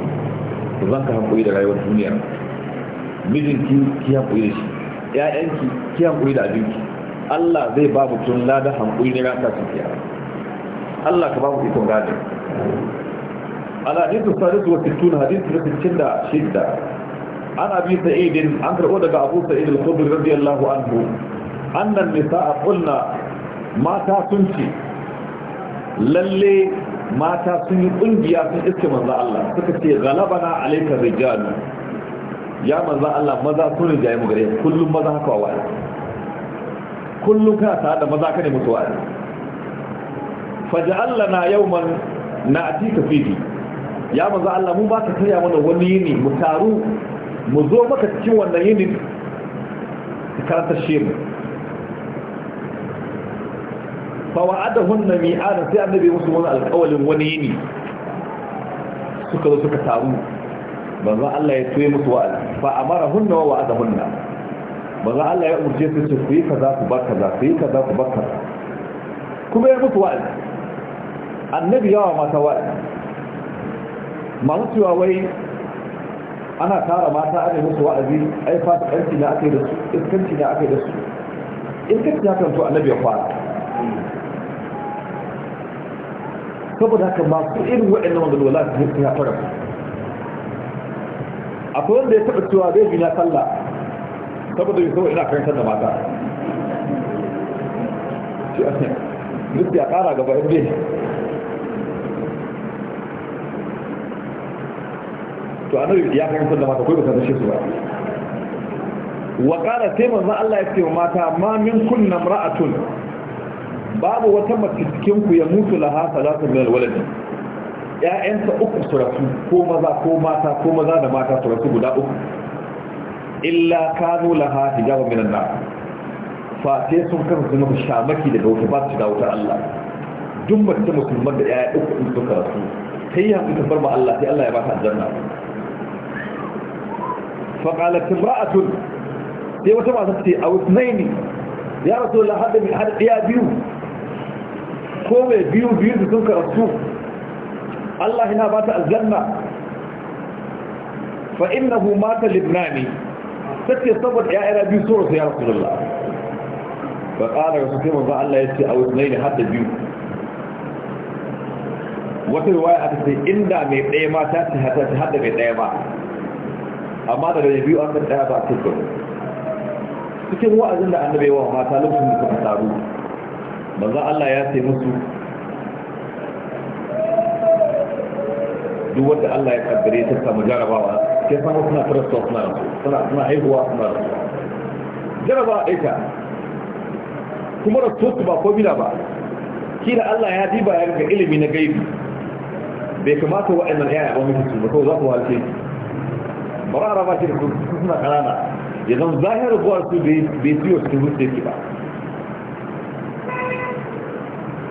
ku zanka hankuri da rayuwar duniya mijinki ki hankuri da shi ya'yanki ki hankuri da abinki Allah zai ba mutum lada hankuli ne ranta su kiyar Allah ka ba mu ikon gane al-hadithu sadisu wa sittun hadithu na sittin da shidda an abi sa'idin an karɓo daga abu sa'id al-khudri radiyallahu anhu annan nisa'a qulna mata sun ci. lalle mata sun yi kungiya sun iske manzo Allah suka ce galabana alayka rijalu ya manzo Allah maza sun rijaye mu gare kullum maza haka wa kullum kana ta da maza ka ne mutuwa Faji Allah na yau man na na'tika fihi ya maza Allah mu ba ka karya mana wani yini mu taru mu zo maka cikin wannan yini ka karanta shi mu fa wa'adahunna mi'ana sai annabi musu wani alƙawalin wani yini suka zo suka taru za Allah ya tuye musu a mara amarahunna wa wa'adahunna za Allah ya umarce su ce su yi kaza ku bar kaza su yi kaza ku baka. kuma ya mutu wa'azi annabi yawa mata wa'azi masu cewa wai ana tara mata ana musu wa'azi ai fata ƙarfi na aka yi da su iskanci na aka yi da su iskanci hakan to annabi ya fara saboda haka masu irin waɗannan wanda lola su ya fara akwai wanda ya taɓa cewa zai bi na sallah saboda yi kawai ina karanta da mata duk ya kara gaba inda to annabi ya karanta da mata kai baka kasance su ba wa qala sai manzo Allah ya ce wa mata ma min kunna ra'atun babu wata mace cikin ku ya mutu laha salatu min alwalad ya'yansa uku su rasu ko maza ko mata ko maza da mata su rasu guda uku illa kanu laha hijaban minan nar fa sai sun kasa su maka shamaki daga wata ba su shiga wata Allah duk mace musulman da ya uku in suka rasu ta yi hankali bar ma Allah sai Allah ya ba ta aljanna fa qalat imra'atun sai wata mata ce a wasnaini ya rasu la hada min hada ya biyu ko mai biyu biyu su sun karatu. Allah yana ba ta aljanna fa innahu mata libnani tace saboda ya'ira biyu so sai ya rasulullah fa qala su sai manzo Allah yace a wasnai ne hadda biyu wata riwaya a ce inda mai daya ma ta ce hata ta hadda mai daya ba amma da da biyu an da daya ba ta ce cikin wa'azin da annabi ya wa mata lokacin da suka taru manzo Allah ya ce musu duk wanda Allah ya kaddare ta samu jarabawa sai samu suna tarasta suna suna suna haihuwa suna jaraba jarabawa ɗaita kuma rasuwa ba ko bila ba da Allah ya diba ya ga ilimi na gaibi bai kamata waɗannan yaya ba mutu ba kawai za ku halce ba ra raba shi da suna ƙanana ya zan zahir buwar su bai siyo cikin zuciya ba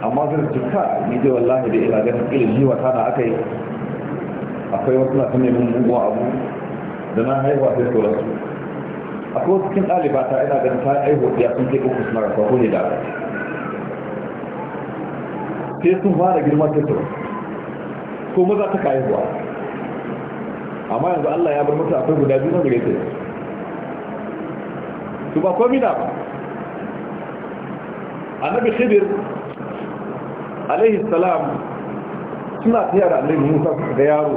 amma zai cika ni dai wallahi da ila ganin ilimi wa tana aka yi akwai wasu na ne mun mugun abu da na haihuwa sai su rasu akwai wasu cikin ɗaliba ta ina ganin ta haihuwa ya sun kai uku suna rasuwa ko ne da sai sun fara girma sai su ko maza ta ka haihuwa. amma yanzu Allah ya bar mutu akwai guda biyu na gare ta su ba komi da ba annabi alaihi salam suna tayar da alaihi musa ga yaro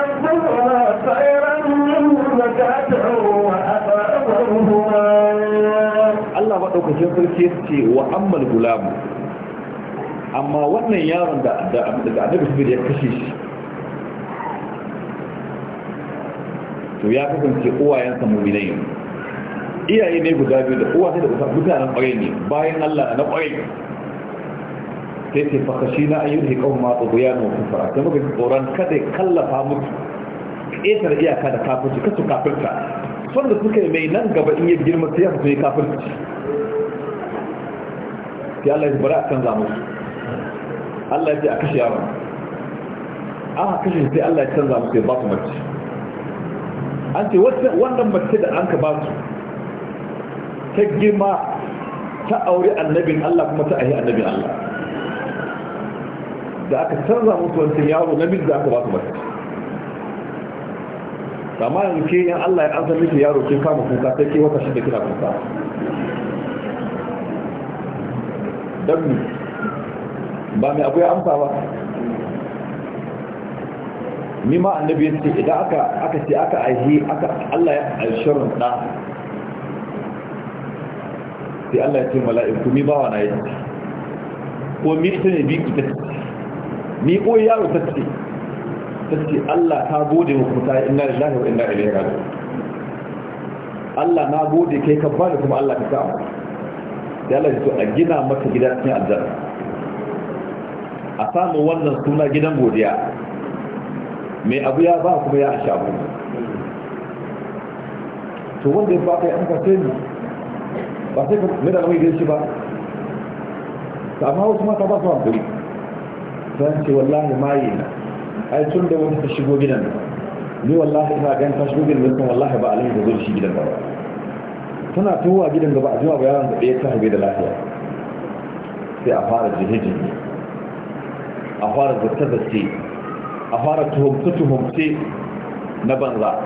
Allah maɗaukacin sarki ce wa ammal gulamu amma wannan yaron da annabi su ya kashe shi to ya kasance uwayensa muminai iyaye ne guda biyu da uwa sai da usa mutanen ƙwarai ne bayan Allah na ƙwarai sai ce fakashi na ayyuka kawai ma tsogoya na wasu fara sai tsoron kada ya kallafa mutu ƙetare iyaka da kafirci kasu kafirta wanda suka yi mai nan gaba in yi girma sai ya su yi kafirci ya Allah ya bari a canza musu Allah ya ce a kashe yaron ha kashe sai Allah ya canza musu ya ba su mace an ce wannan mace da an ka ba su ta girma ta aure annabin Allah kuma ta ahi annabin Allah da aka canza musu wancan yaro namiji da aka ba su mace amma yanzu ke in Allah ya azar miki yaro ke kama kuka sai ke wata shida kina kuka dan ba mai akwai amsa ba ni ma annabi yace idan aka aka ce aka aihi aka Allah ya alsharun da sai Allah ya ce mala'iku mi ba wani ko mi ita ne bi ki ta ni ko yaro ta ce ta Allah ta gode muku ta inna lillahi wa inna ilaihi raji'un Allah na gode kai ka bani kuma Allah ka samu ya Allah ya a gina maka gida cikin aljanna a samu wannan suna gidan godiya mai abu ya ba kuma ya sha ku to wanda ya kai an fasai ne ba sai ka mai da mai gidan shi ba ta amma wasu mata ba su hankali sai ce wallahi mai na ai tun da wani ta shigo gidan ni wallahi ina ganin ta shigo gidan kuma wallahi ba alamin da zo shi gidan ba tana tuwa gidan gaba a jima ba yaron da ɗaya ta haife da lafiya sai a fara jihijin a fara zata zarce a fara tuhumce-tuhumce na banza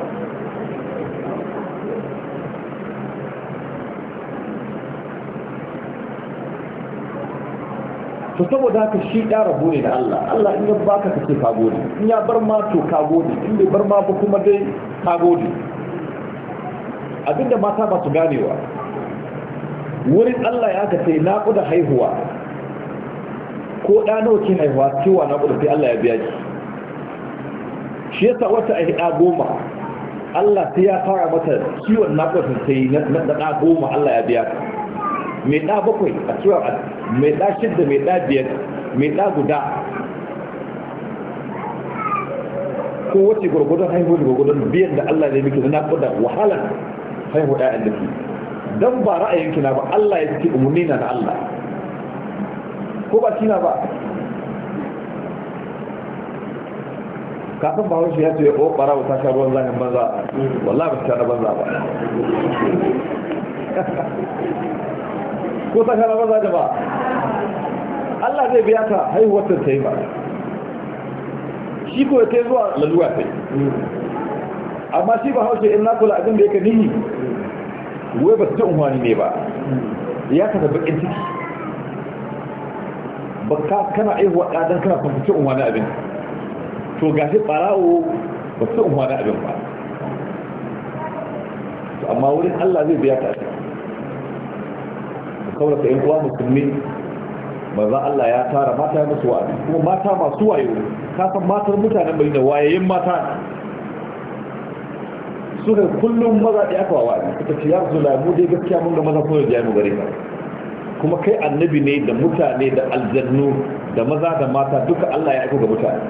to saboda haka shi ya rabu ne da Allah Allah in ya baka kace ka gode in ya bar ma to ka gode in bai bar ma ba kuma dai ka gode abinda mata ba su ganewa wurin Allah ya ka sai naƙuda haihuwa ko ɗa nawa ke haihuwa cewa naƙuda sai Allah ya biya ki shi yasa wata a ɗa goma Allah sai ya fara mata ciwon naƙuda sai na ɗa goma Allah ya biya ka mai ɗa bakwai a cewa mai ɗa shidda mai ɗa biyar mai ɗa guda ko wace gwargwadon haihuwa da gwargwadon biyar da Allah ne miki na kuda wahalar haihuwa ɗayan da ke don ba ra'ayin na ba Allah ya fi umarni na da Allah ko ba kina ba kafin ba shi ya ce o oh, ɓara ta sha ruwan zanen banza wallah ba ta sha na banza ba ko ta kana maza da ba Allah zai biya ta haihuwar ta yi ba shi ko ta zuwa laluwa ta amma shi ba haushe in na kula abin da yake nihi wai ba su ta unhwani ne ba ya da bakin ciki ba ka kana aihuwa ɗadan kana kuma ta unhwani abin to shi ɓarawo ba su ta unhwani abin ba amma wurin Allah zai biya ta saboda 'yan uwa musulmi manzan Allah ya tara mata ya musu wa'azi kuma mata masu wayo kasan matar mutanen bai da wayayin mata Su ne kullum maza da aka wa'azi suka ce ya rasu mu dai gaskiya mun ga maza kuma ya mu gare ka kuma kai annabi ne da mutane da aljannu da maza da mata duka Allah ya aiko ga mutane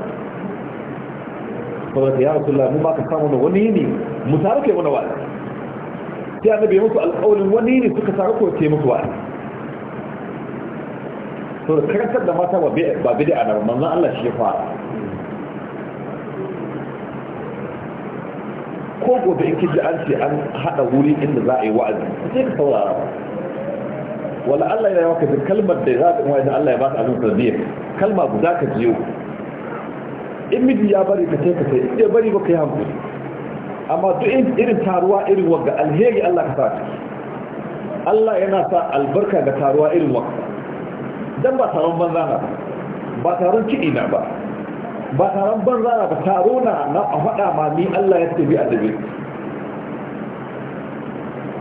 saboda ya rasu lamu ba ka samu da wani ne mu tare kai wani wa'azi sai annabi ya musu alƙawarin wani ne suka tare ko ce musu wa'azi to karantar da mata ba ana ba, manzon Allah shi ya fara ko gobe in kiji an ce an hada wuri inda za a yi wa'azi sai ka saurara wala Allah ya yawa ka kalmar da za ta wa'azi Allah ya ba ka abin tarbiyya kalma guda ka jiyo in miji ya bari ka sai ka sai in bari ba ka yi hankali amma duk irin taruwa irin wagga alheri Allah ka sa Allah yana sa albarka ga taruwa irin wagga dan ba taron banza na ba taron kiɗi na ba ba taron banza na ba taro na na a faɗa ma ni Allah ya tafi azabi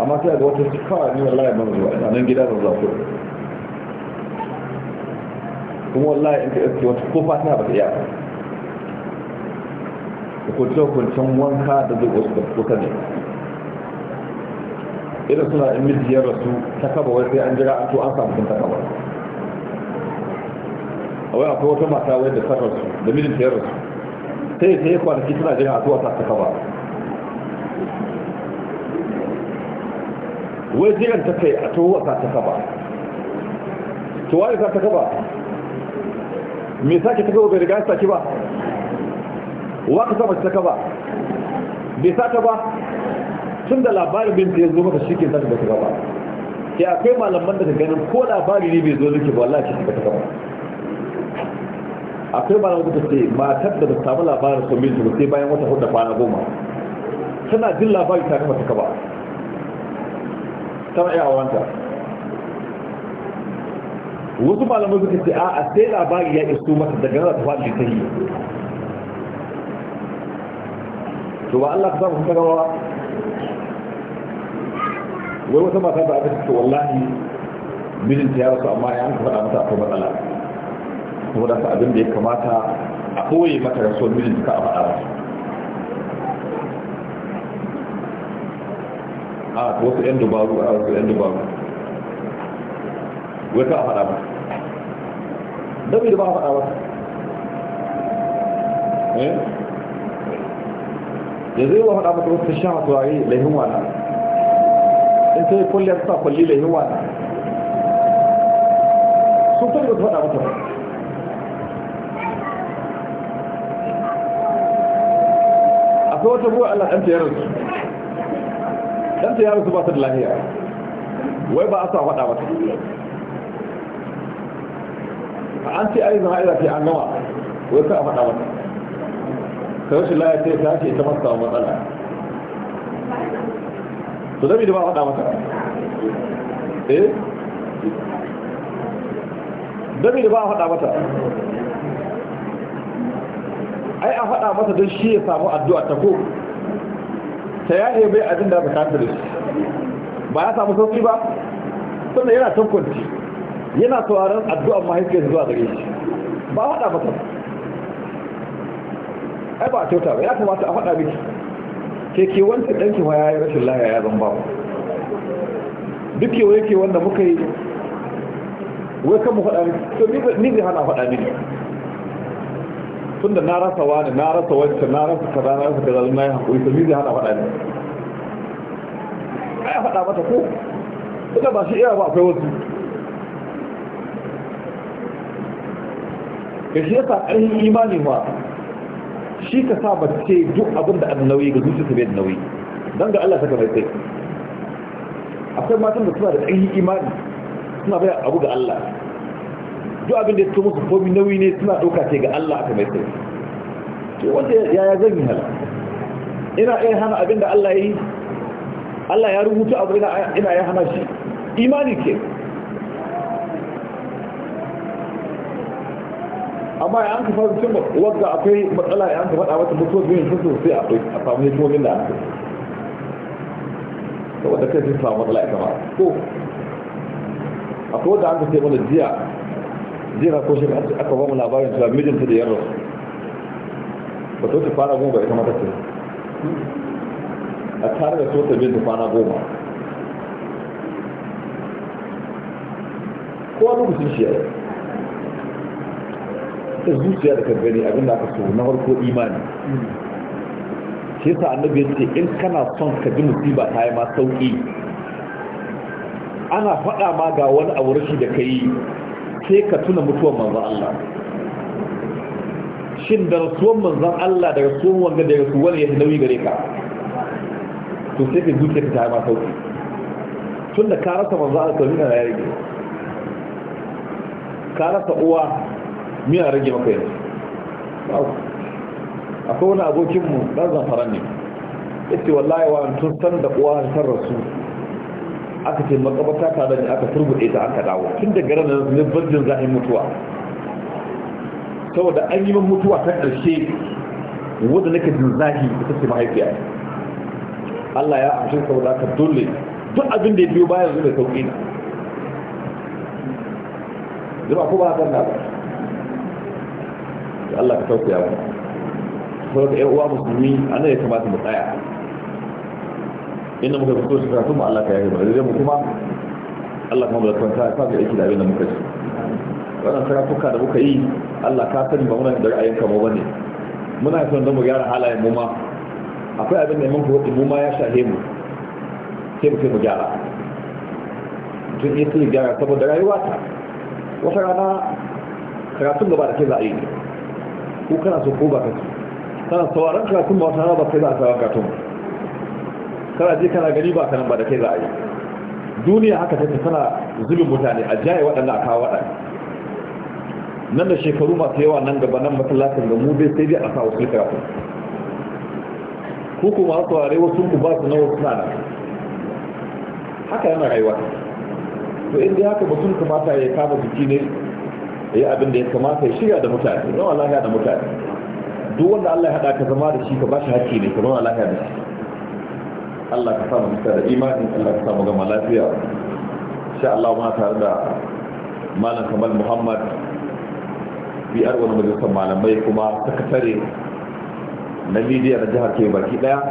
amma sai ga wata kawai ni wallahi ban zuwa ina nan gida za zuwa kuma wallahi in ka iske wata ko fata ba ta iya ba hukuncin wanka da zai wasu kuka ne irin suna in miji rasu ta kaba wai sai an jira an to an samu sun ta kaba a wai akwai wata mata wadda ta su da mijin ta rasu sai ta yi kwanaki tana jira a zuwa ta ta kaba wai jiran ta kai a tuwa ta ta kaba tuwa ne ta ta kaba me sake ta kaba bai riga ya ba wa ka saba ta kaba bai sata ba tun da labarin bin ya zo maka shi ke sake ba ta kaba ke akwai malaman da ta ganin ko labari ne bai zo duke ba wallahi ke ba ta kaba akwai ba wata ce matar da ba samu labarin su mintu sai bayan wata hudu kwana goma tana jin labari ta kama ta ba, tana iya wanta. wasu malamai suka ce a sai labari ya iso mata daga nan ta faɗi ta yi to ba Allah ka samu kuma gawa wai wata mata da aka ce wallahi ta ya rasu amma ya an ka faɗa mata akwai matsala kuma da abin da ya kamata a koye mata rasuwar miji duka a faɗa a wasu 'yan dubaru a wasu 'yan dubaru wai ka a faɗa ba dabi da ba a faɗa eh? ba zai yi wa faɗa mata wasu sha waye laihin wata in sai kwalliyar sa kwalli laihin wata sun tabbata faɗa mata ba akwai wata buwa Allah ɗanta ya rasu ɗanta ya rasu ba ta da lahiya wai ba a sa faɗa mata an ce ayi zama ila ce an gama wai ka a faɗa mata ka rashin lahiya ce ta ce ta masu samun matsala to zami da ba a faɗa mata eh zami da ba a faɗa mata ai an faɗa masa don shi ya samu addu'a ta ko ta ya bai abin da da shi ba ya samu sauki ba sannan yana tankwanci yana tsawaron addu'a mahaifiyar zuwa da shi ba a faɗa masa ai ba a kyauta ba ya kamata a faɗa miki ke ke wanda ɗanki wa ya yi rashin laya ya zan ba duk wani ke wanda muka yi wai kan mu faɗa miki to ni zai hana faɗa miki tunda na rasa wani na rasa wancan na rasa kaza na rasa kaza na yi hankuri to zai hada faɗa ne ai faɗa mata ko tunda ba shi iya ba akwai wasu da shi yasa ƙarfin imani ma shi ka sa mace duk abin da an nauyi ga zuciya su bai da nauyi don ga Allah saka mai sai akwai matan da suna da ƙarfin imani suna bayan abu ga Allah duk abin da suka musu komi nauyi ne suna ɗauka ce ga Allah aka mai sai to wanda yaya zan yi hala ina iya hana abin da Allah yi Allah ya rubuta abu ina ina hana shi imani ke amma ya an ka faru cin wadda akwai matsala ya an ka faɗa wata mutuwa biyun sun sosai a samu hikimomin da an ka saboda kai sun samu matsala ya kama ko akwai wadda an ka sai mana jiya zira ko shi aka ba mu labarin cewa mijinta da yarwa ba to ta kwana goma ita mata ce a tare da tota ta kwana goma kowa lokacin shi yau ta zuciya da kan gani abinda aka so na harko imani shi yasa annabi ya ce in kana son ka ji musiba ta yi ma sauki ana faɗa ma ga wani abu rashi da ka yi sai ka tuna mutuwar manzan Allah shin da rasuwan manzan Allah daga tsohon wanda da rasuwar ya nauyi gare ka to sai ka zuciya ka ta ma sauki tun da ka rasa Allah ta nuna ya rage ka rasa uwa mina rage maka yanzu akwai wani abokinmu ɗan zamfara ne ya ce wallahi wa tun san da uwa ta rasu aka ce makabata ta da aka turbuɗe ta aka dawo tun da garin da ne barjin za mutuwa saboda an yi min mutuwa ta ƙarshe wadda nake jin zahi ta ce mahaifiya Allah ya amshi saboda aka dole duk abin da ya biyo bayan zuwa sauƙi na zama ko ba haka na ba Allah ka sauƙi ya ba saboda ƴan uwa musulmi ana ya kamata mu tsaya inda muka fito shi karatu mu Allah ka yaye mu da mu kuma Allah kuma da kwanta ka ga yake da abin da muka ci wannan karatuka da muka yi Allah ka sani ba muna da ra'ayin kamo bane muna son da mu gyara halayen mu ma akwai abin da mun ko mu ma ya shahe mu sai mu mu gyara tun yi tun gyara saboda rayuwa ta wata rana karatun gaba da ke za a yi ko kana so ko ba ka ci kana sauraron karatun ba wata rana ba kai za a sauraron karatun ba kana je kana gani ba nan ba da kai za a yi duniya haka take tana zubin mutane a jaye waɗanda a kawo waɗanda nan da shekaru masu yawa nan gaba nan masallacin da mu bai sai dai a sa wasu karatu ko kuma masu ware wasu ku ba su na wasu na nan haka yana rayuwa to inda haka mutum kamata ya kama jiki ne ya abin da ya kamata ya shirya da mutane zama lahiya da mutane duk wanda Allah ya haɗa ka zama da shi ka ba shi hakki ne ka zama lahiya da shi Allah ka samu da imanin Allah ka samu gama lafiya sai Allah ma tare da malam Kamal Muhammad biyar wani majalisar malamai kuma sakatare na bidiyar na jihar ke baki daya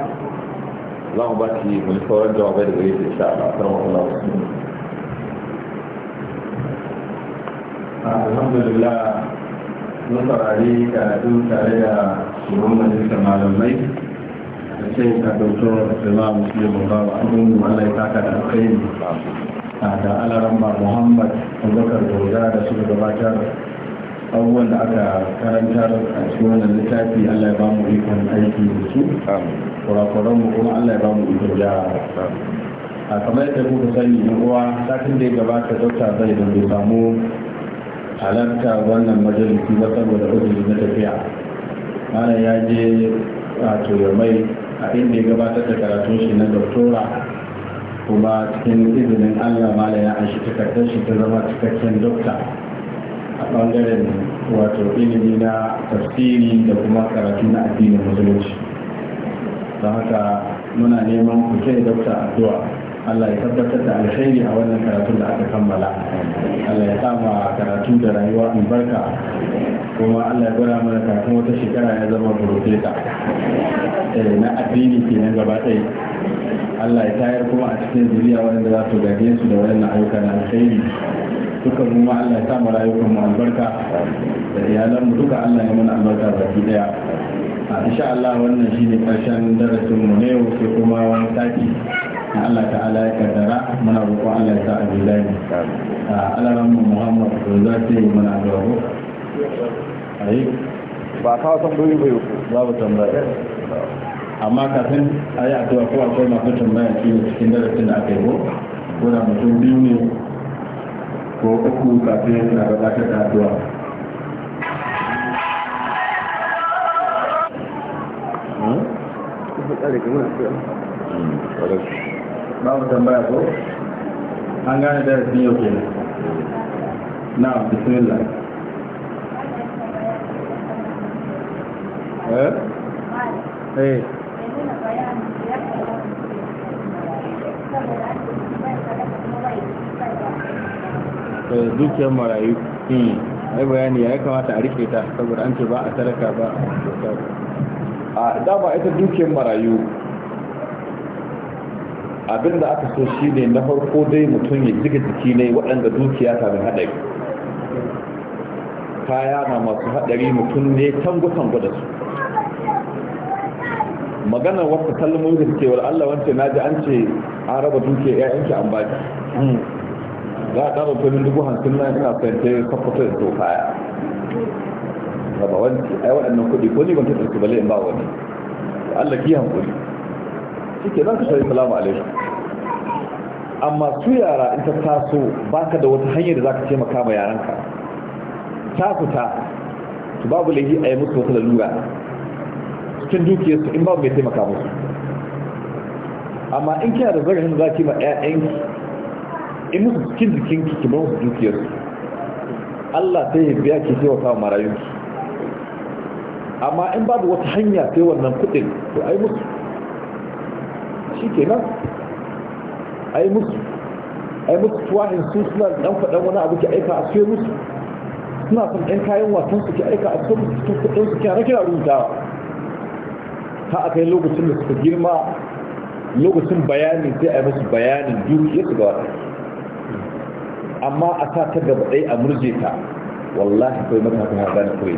za mu ba ki wani sauran jawabai da gare shi insha Allah karama Allah alhamdulillah mun saurari tun tare da shugaban majalisar malamai sai a doktor imam muslim ba abin da Allah ya saka da alkhairi da alaramba muhammad abubakar dauda da suka gabatar abubuwan da aka karantar a cikin wannan littafi Allah ya ba mu ikon aiki da su kurakuran mu kuma Allah ya ba mu ikon gyara a kamar yadda kuka sani na uwa satin da ya gabata dokta zai da bai samu halarta wannan majalisi ba saboda uzuri na tafiya malam ya je a ya mai a inda ya gabatar da karatun shi na doktora kuma cikin izinin allah mala ya an shi takardar shi ta zama cikakken dokta a bangaren wato ilimi na tafsiri da kuma karatu na addinin musulunci don haka muna neman ku kai dokta addu'a Allah ya tabbatar da alkhairi a wannan karatun da aka kammala Allah ya sama karatu da rayuwa in barka. kuma Allah ya gwada mana karatun wata shekara ya zama profeta eh, na addini kenan gaba ɗaya Allah ya tayar kuma a cikin zuriya waɗanda za su gaje su da waɗannan ayyuka na alkhairi duka mu ma Allah ya sa mu rayukan mu albarka da iyalan mu duka Allah ya mana albarka baki daya a insha Allah wannan shine karshen darasin mu ne sai kuma wani sati da Allah ta'ala ya kaddara muna roƙo Allah ya sa a bilayi a ah, alaran mu Muhammad da za ta yi mana a yi ba kawo tambayoyi ba za babu tambaya amma kafin a yi addu'a ko akwai masu tambaya cikin darasin da aka yi ko kuna mutum biyu ne ko uku kafin na gabatar da addu'a you. Hmm? babu tambaya ko an gane darasin yau ke na bismillah eh? eh eh dukiyar marayu hmm. ai bayani ya kamata a rike ta saboda an ce ba a sadaka ba a ah, dama ita dukiyar marayu abin da aka so shi ne na farko dai mutum ya jiga jiki ne waɗanda dukiya ta da haɗari kaya na masu haɗari mutum ne tango-tango da su magana wata kalmomin cewar allah wance na ji an ce an raba dukiya ya ‘ya'yanki an baki hmm. za a ɗaba kudin dubu hamsin na ina sayance kwakwato da kaya raba wance ai waɗannan kuɗi ko ni ban tattara su bale in ba wani allah ki hankuri shi ke za ka shari salamu alaikum amma su yara in ta taso baka da wata hanyar da zaka maka ma yaranka ta fita to babu laifi a yi musu wata lalura cikin dukiyar su, in babu mai taimaka musu amma in kina da zarafin da zaki ma ƴaƴanki in musu cikin jikin ki ki musu su. Allah sai ya biya ki taimaka wa marayunki amma in babu wata hanya sai wannan kuɗin to ai musu shi kenan ai musu ai musu tuwahin su suna dan faɗan wani abu ki aika a cikin musu suna son ɗan kayan wasan su ki aika a cikin musu cikin kuɗin su kyara kira rubuta? ta aka yi lokacin da suka girma lokacin bayani sai a yi musu bayanin biyu, ya su ga wata amma a sa ta gaba ɗaya a murje ta wallahi kai mata haka hada gane kure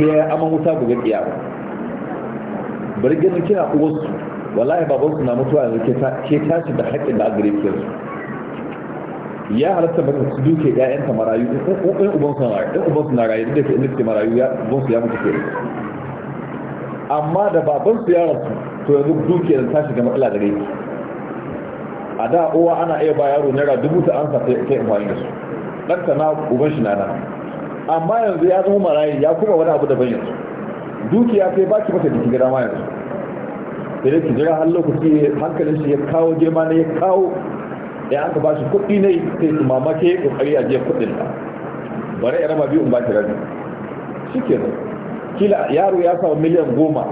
sai ya yi wuta ga iya ba bari ganin kina uwarsu wallahi baban su na mutuwa yanzu ke tashi da haƙƙin da agare ke su ya halatta maka su duke 'ya'yanta marayu in uban su na rayu in uban su na rayu da ke inda suke marayu ya uban su ya mutu ke amma da baban su ya rasu to yanzu duke da tashi ga matsala gare rai a da uwa ana iya ba yaro naira dubu ta ansa ta in amfani da su ɗanka na uban shi na nan amma yanzu ya zama marayu ya kuma wani abu daban yanzu dukiya sai baki mata jiki gida ma yanzu sai su jira har lokaci hankalin shi ya kawo girma ne ya kawo ya aka ba shi kuɗi ne sai su mamake kokari a jiya kuɗin ta bare ya raba biyu in ba ta rabi shikenan kila yaro ya samu miliyan goma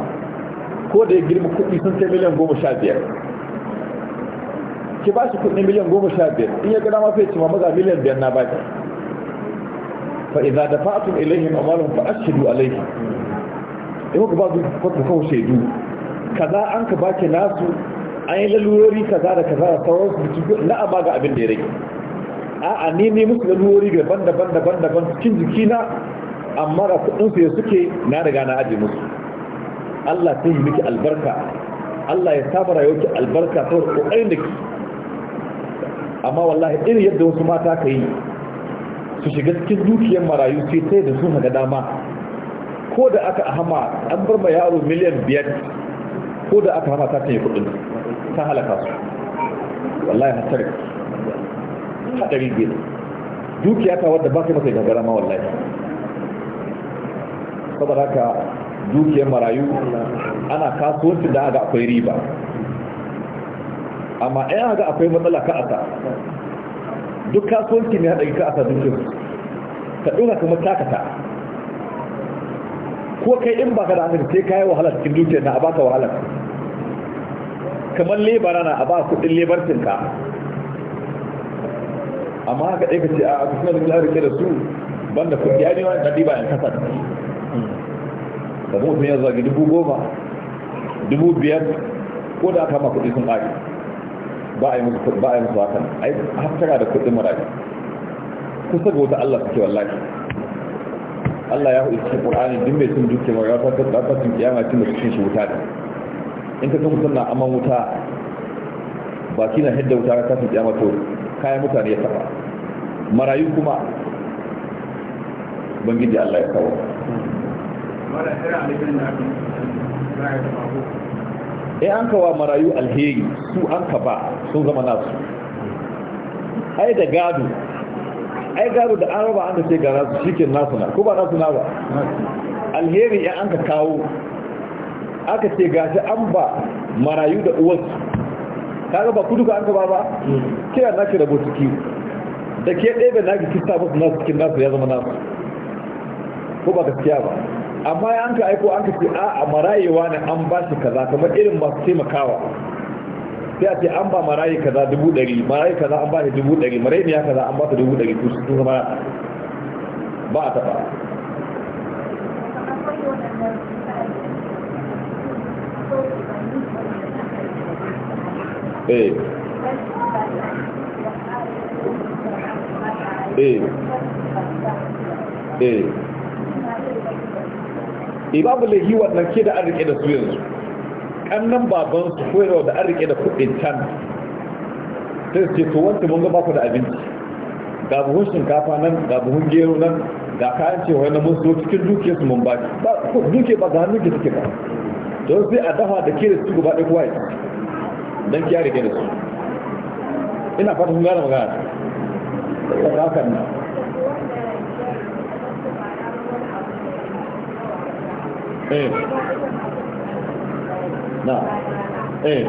ko da ya girma kuɗi sun kai miliyan goma sha biyar ki ba shi kuɗi miliyan goma sha biyar in ya gada ma sai ci ma maza miliyan biyar na baki fa idza dafa'tum ilayhim amalahum fa ashhadu alayhim in ku ba su kwatsa kawo shaidu kaza an ka baki nasu an yi lalurori kaza da kaza da sauran su cikin na'ama ga abin da ya rage a'a ni ne musu lalurori daban daban daban daban cikin jikina amma da kudin su suke na riga na aje musu Allah sai yi miki albarka Allah ya saba rayuwarki albarka saboda kokarin da ki amma wallahi irin yadda wasu mata ka yi su shiga cikin dukiyar marayu sai ta da su haga dama ko da aka ahama an bar ma yaro miliyan biyar ko da aka hama ta kan yi kudin ta halaka su wallahi hatsari hatsari gina dukiya ta wadda ba su masa gagara ma wallahi saboda haka dukiyar marayu ana kasuwanci da aga akwai riba amma ɗaya aga akwai matsala ka asa duk kasuwanci ne haɗari ka asa dukiyar ka ɗora kuma takata ko kai in baka da hankali sai yi wahala cikin dukiyar na a baka wahala kamar lebara na a ba kudin lebarcin ka amma haka ɗaya ka ce a kusurar da zai rike da su banda kudi ya nema na ɗiba yan kasa da mutum ya zagi dubu goma dubu biyar ko da aka ma kudi sun ƙari ba a yi musu hakan a yi haskara da kudin maraji kusa ga wata allah suke wallahi Allah ya hukunci Qur'ani duk mai sun duke mai rafa ta rafa tun kiyama tun da cin shi wuta da in ka san mutum na aman wuta ba shi na hidda wuta ka kafin kiyama to kayan mutane ya taba marayu kuma bangiji Allah ya kawo eh an kawo marayu alheri su an kaba ba sun zama nasu ai da gado ai garu da an an da ce gara nasu shi ke nasu na ko ba nasu na ba alheri ya an ka kawo aka ce gashi an ba marayu da uwarsu kaga ba kudu ka an ka ba ba kira na ki rabo su kiwo da ke ɗebe na ki kista musu nasu cikin nasu ya zama nasu ko ba gaskiya ba amma ya an ka aiko an ka ce a a marayewa ne an ba shi kaza kamar irin masu taimakawa sai a ce an ba marayi kaza dubu ɗari marayi kaza an ba shi dubu ɗari marayi ne ya kaza an ba ta dubu ɗari sun zama ba a taɓa eh eh eh babu lahi ke da an rike da su yanzu kannan baban su koyarwa da an rike da kuɗin can sai ce to wanda mun ga ku da abinci ga buhun shinkafa nan ga buhun gero nan ga kayan cewa na mun so cikin duke su mun baki ba duke ba ga hannun ki suke ba to sai a dafa da kire su gaba da kuwa don ki ya rike da su ina fata mun gane magana ta ka nan eh na eh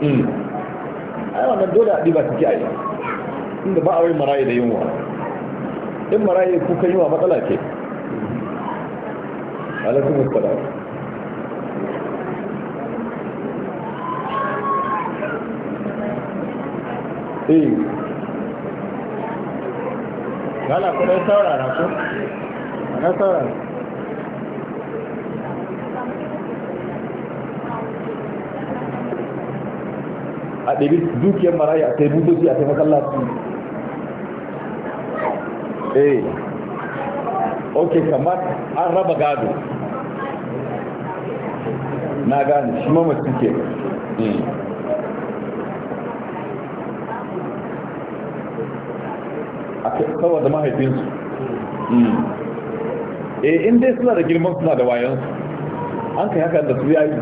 hmm. ai wannan dole a ɗiba ciki a yi inda ba a wai maraye da yunwa in maraye kuka wa matsala ke alaikun musala eh gala kuɗin saurara ko ana saurara a ɗabi dukiyar maraya a kai butoci a kai masallaci eh ok kamar an raba gado na gane shi mamacin ke hmm. a kawar da mahaifinsu hmm. eh inda suna da girman suna da wayansu an kai haka da su yayi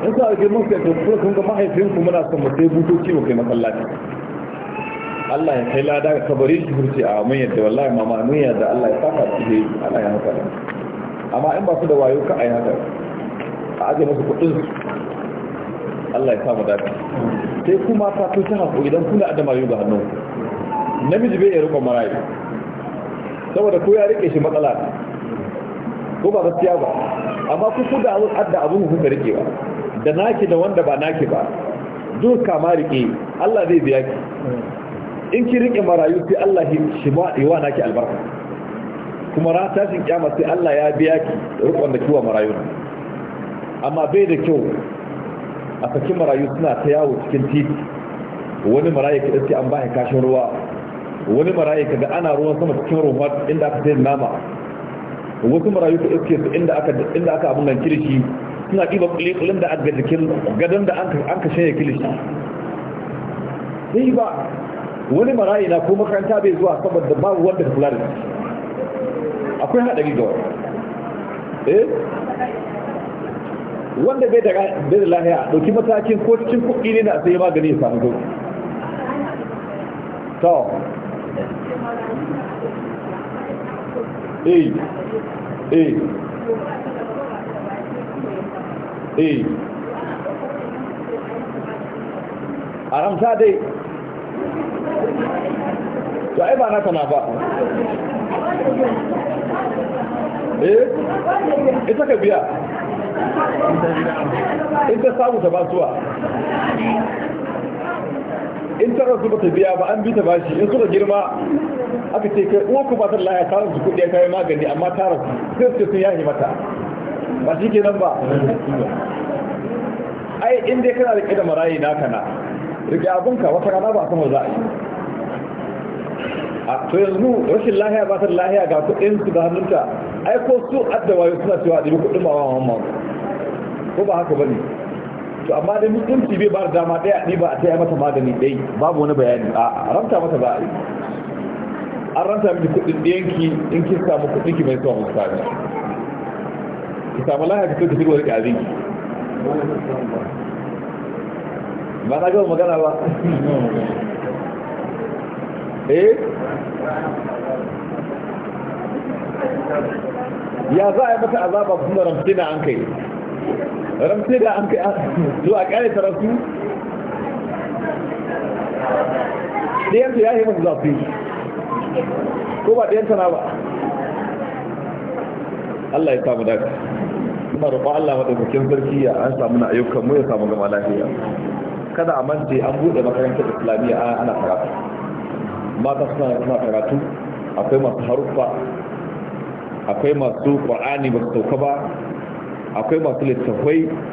in sa ake mun kai tafiya sun ga mahaifinku muna son mutai butoci mu kai masallaci Allah ya kai lada ga kabari shi furce a mun yadda wallahi mama mun yadda Allah ya saka su ne Allah ya haka amma in ba su da wayo ka yi haka a aje musu kudin Allah ya samu dafi sai kuma ta kai ta haƙo idan kuna da mayu ga hannu namiji bai iya rikon marayu saboda ko ya rike shi matsala ko ba gaskiya ba amma ku ku da adda abin ku ka rike ba da naki da wanda ba naki ba duk kama riƙe Allah zai biya ki in ki rike marayu sai Allah shi ma wa naki albarka kuma ran tashin kiyama sai Allah ya biya ki rukun da kiwa marayu amma bai da kyau a fakin marayu suna ta yawo cikin titi wani marayu ka sai an ba kashin ruwa wani marayu ka ga ana ruwan sama cikin ruwa inda aka sai nama wasu marayu ka iske su inda aka abin nan kirki suna ɗiba kulikulin da an ga gadon da an ka shanye kilishi sai ba wani marayi na ko makaranta bai zuwa saboda babu wanda ka kula da akwai haɗari ga wani eh wanda bai da bai da lahiya matakin ko cikin kuɗi ne na sai magani ya samu gauki to eh eh eh a ramsa dai to ai ba na na ba eh? ita ka biya in ta samu ta wa, in ta rasu ba ta biya ba an bi ta bashi in suka girma aka ce kai uwa ku ba ta laya ta rasu kudi ya kayi magani amma ta rasu sai su sun yahi mata ba shi ke nan ba ai in dai kana rike da marayi na na rike abinka wata rana ba a sama za a yi a to yanzu rashin lahiya ba ta lahiya ga kuɗin su da hannunta ai ko su addawa suna cewa a kudin kuɗin ma mamman ko ba haka ba ne to amma dai mutunci bai ba da dama ɗaya ɗi ba a taya mata magani ɗai babu wani bayani a ramta mata ba a yi an ranta miki kuɗin ɗiyanki in kin samu ki mai tsawon musami ki samu lahiya ki tuka cikin abin ki ba na gaba magana ba eh ya za a yi mata azaba kuma ramfi na an kai ramfi da an kai zuwa kare ta rasu ɗayanta ya yi masu zafi ko ba ɗayanta na ba Allah ya samu daga suna roƙon Allah madaukakin sarki ya an samu na ayyukan mu ya samu gama lafiya kada a mance an buɗe makarantar islamiyya ana karatu mata suna karatu akwai masu haruffa akwai masu ƙwa'ani ba su sauka ba akwai masu littattafai.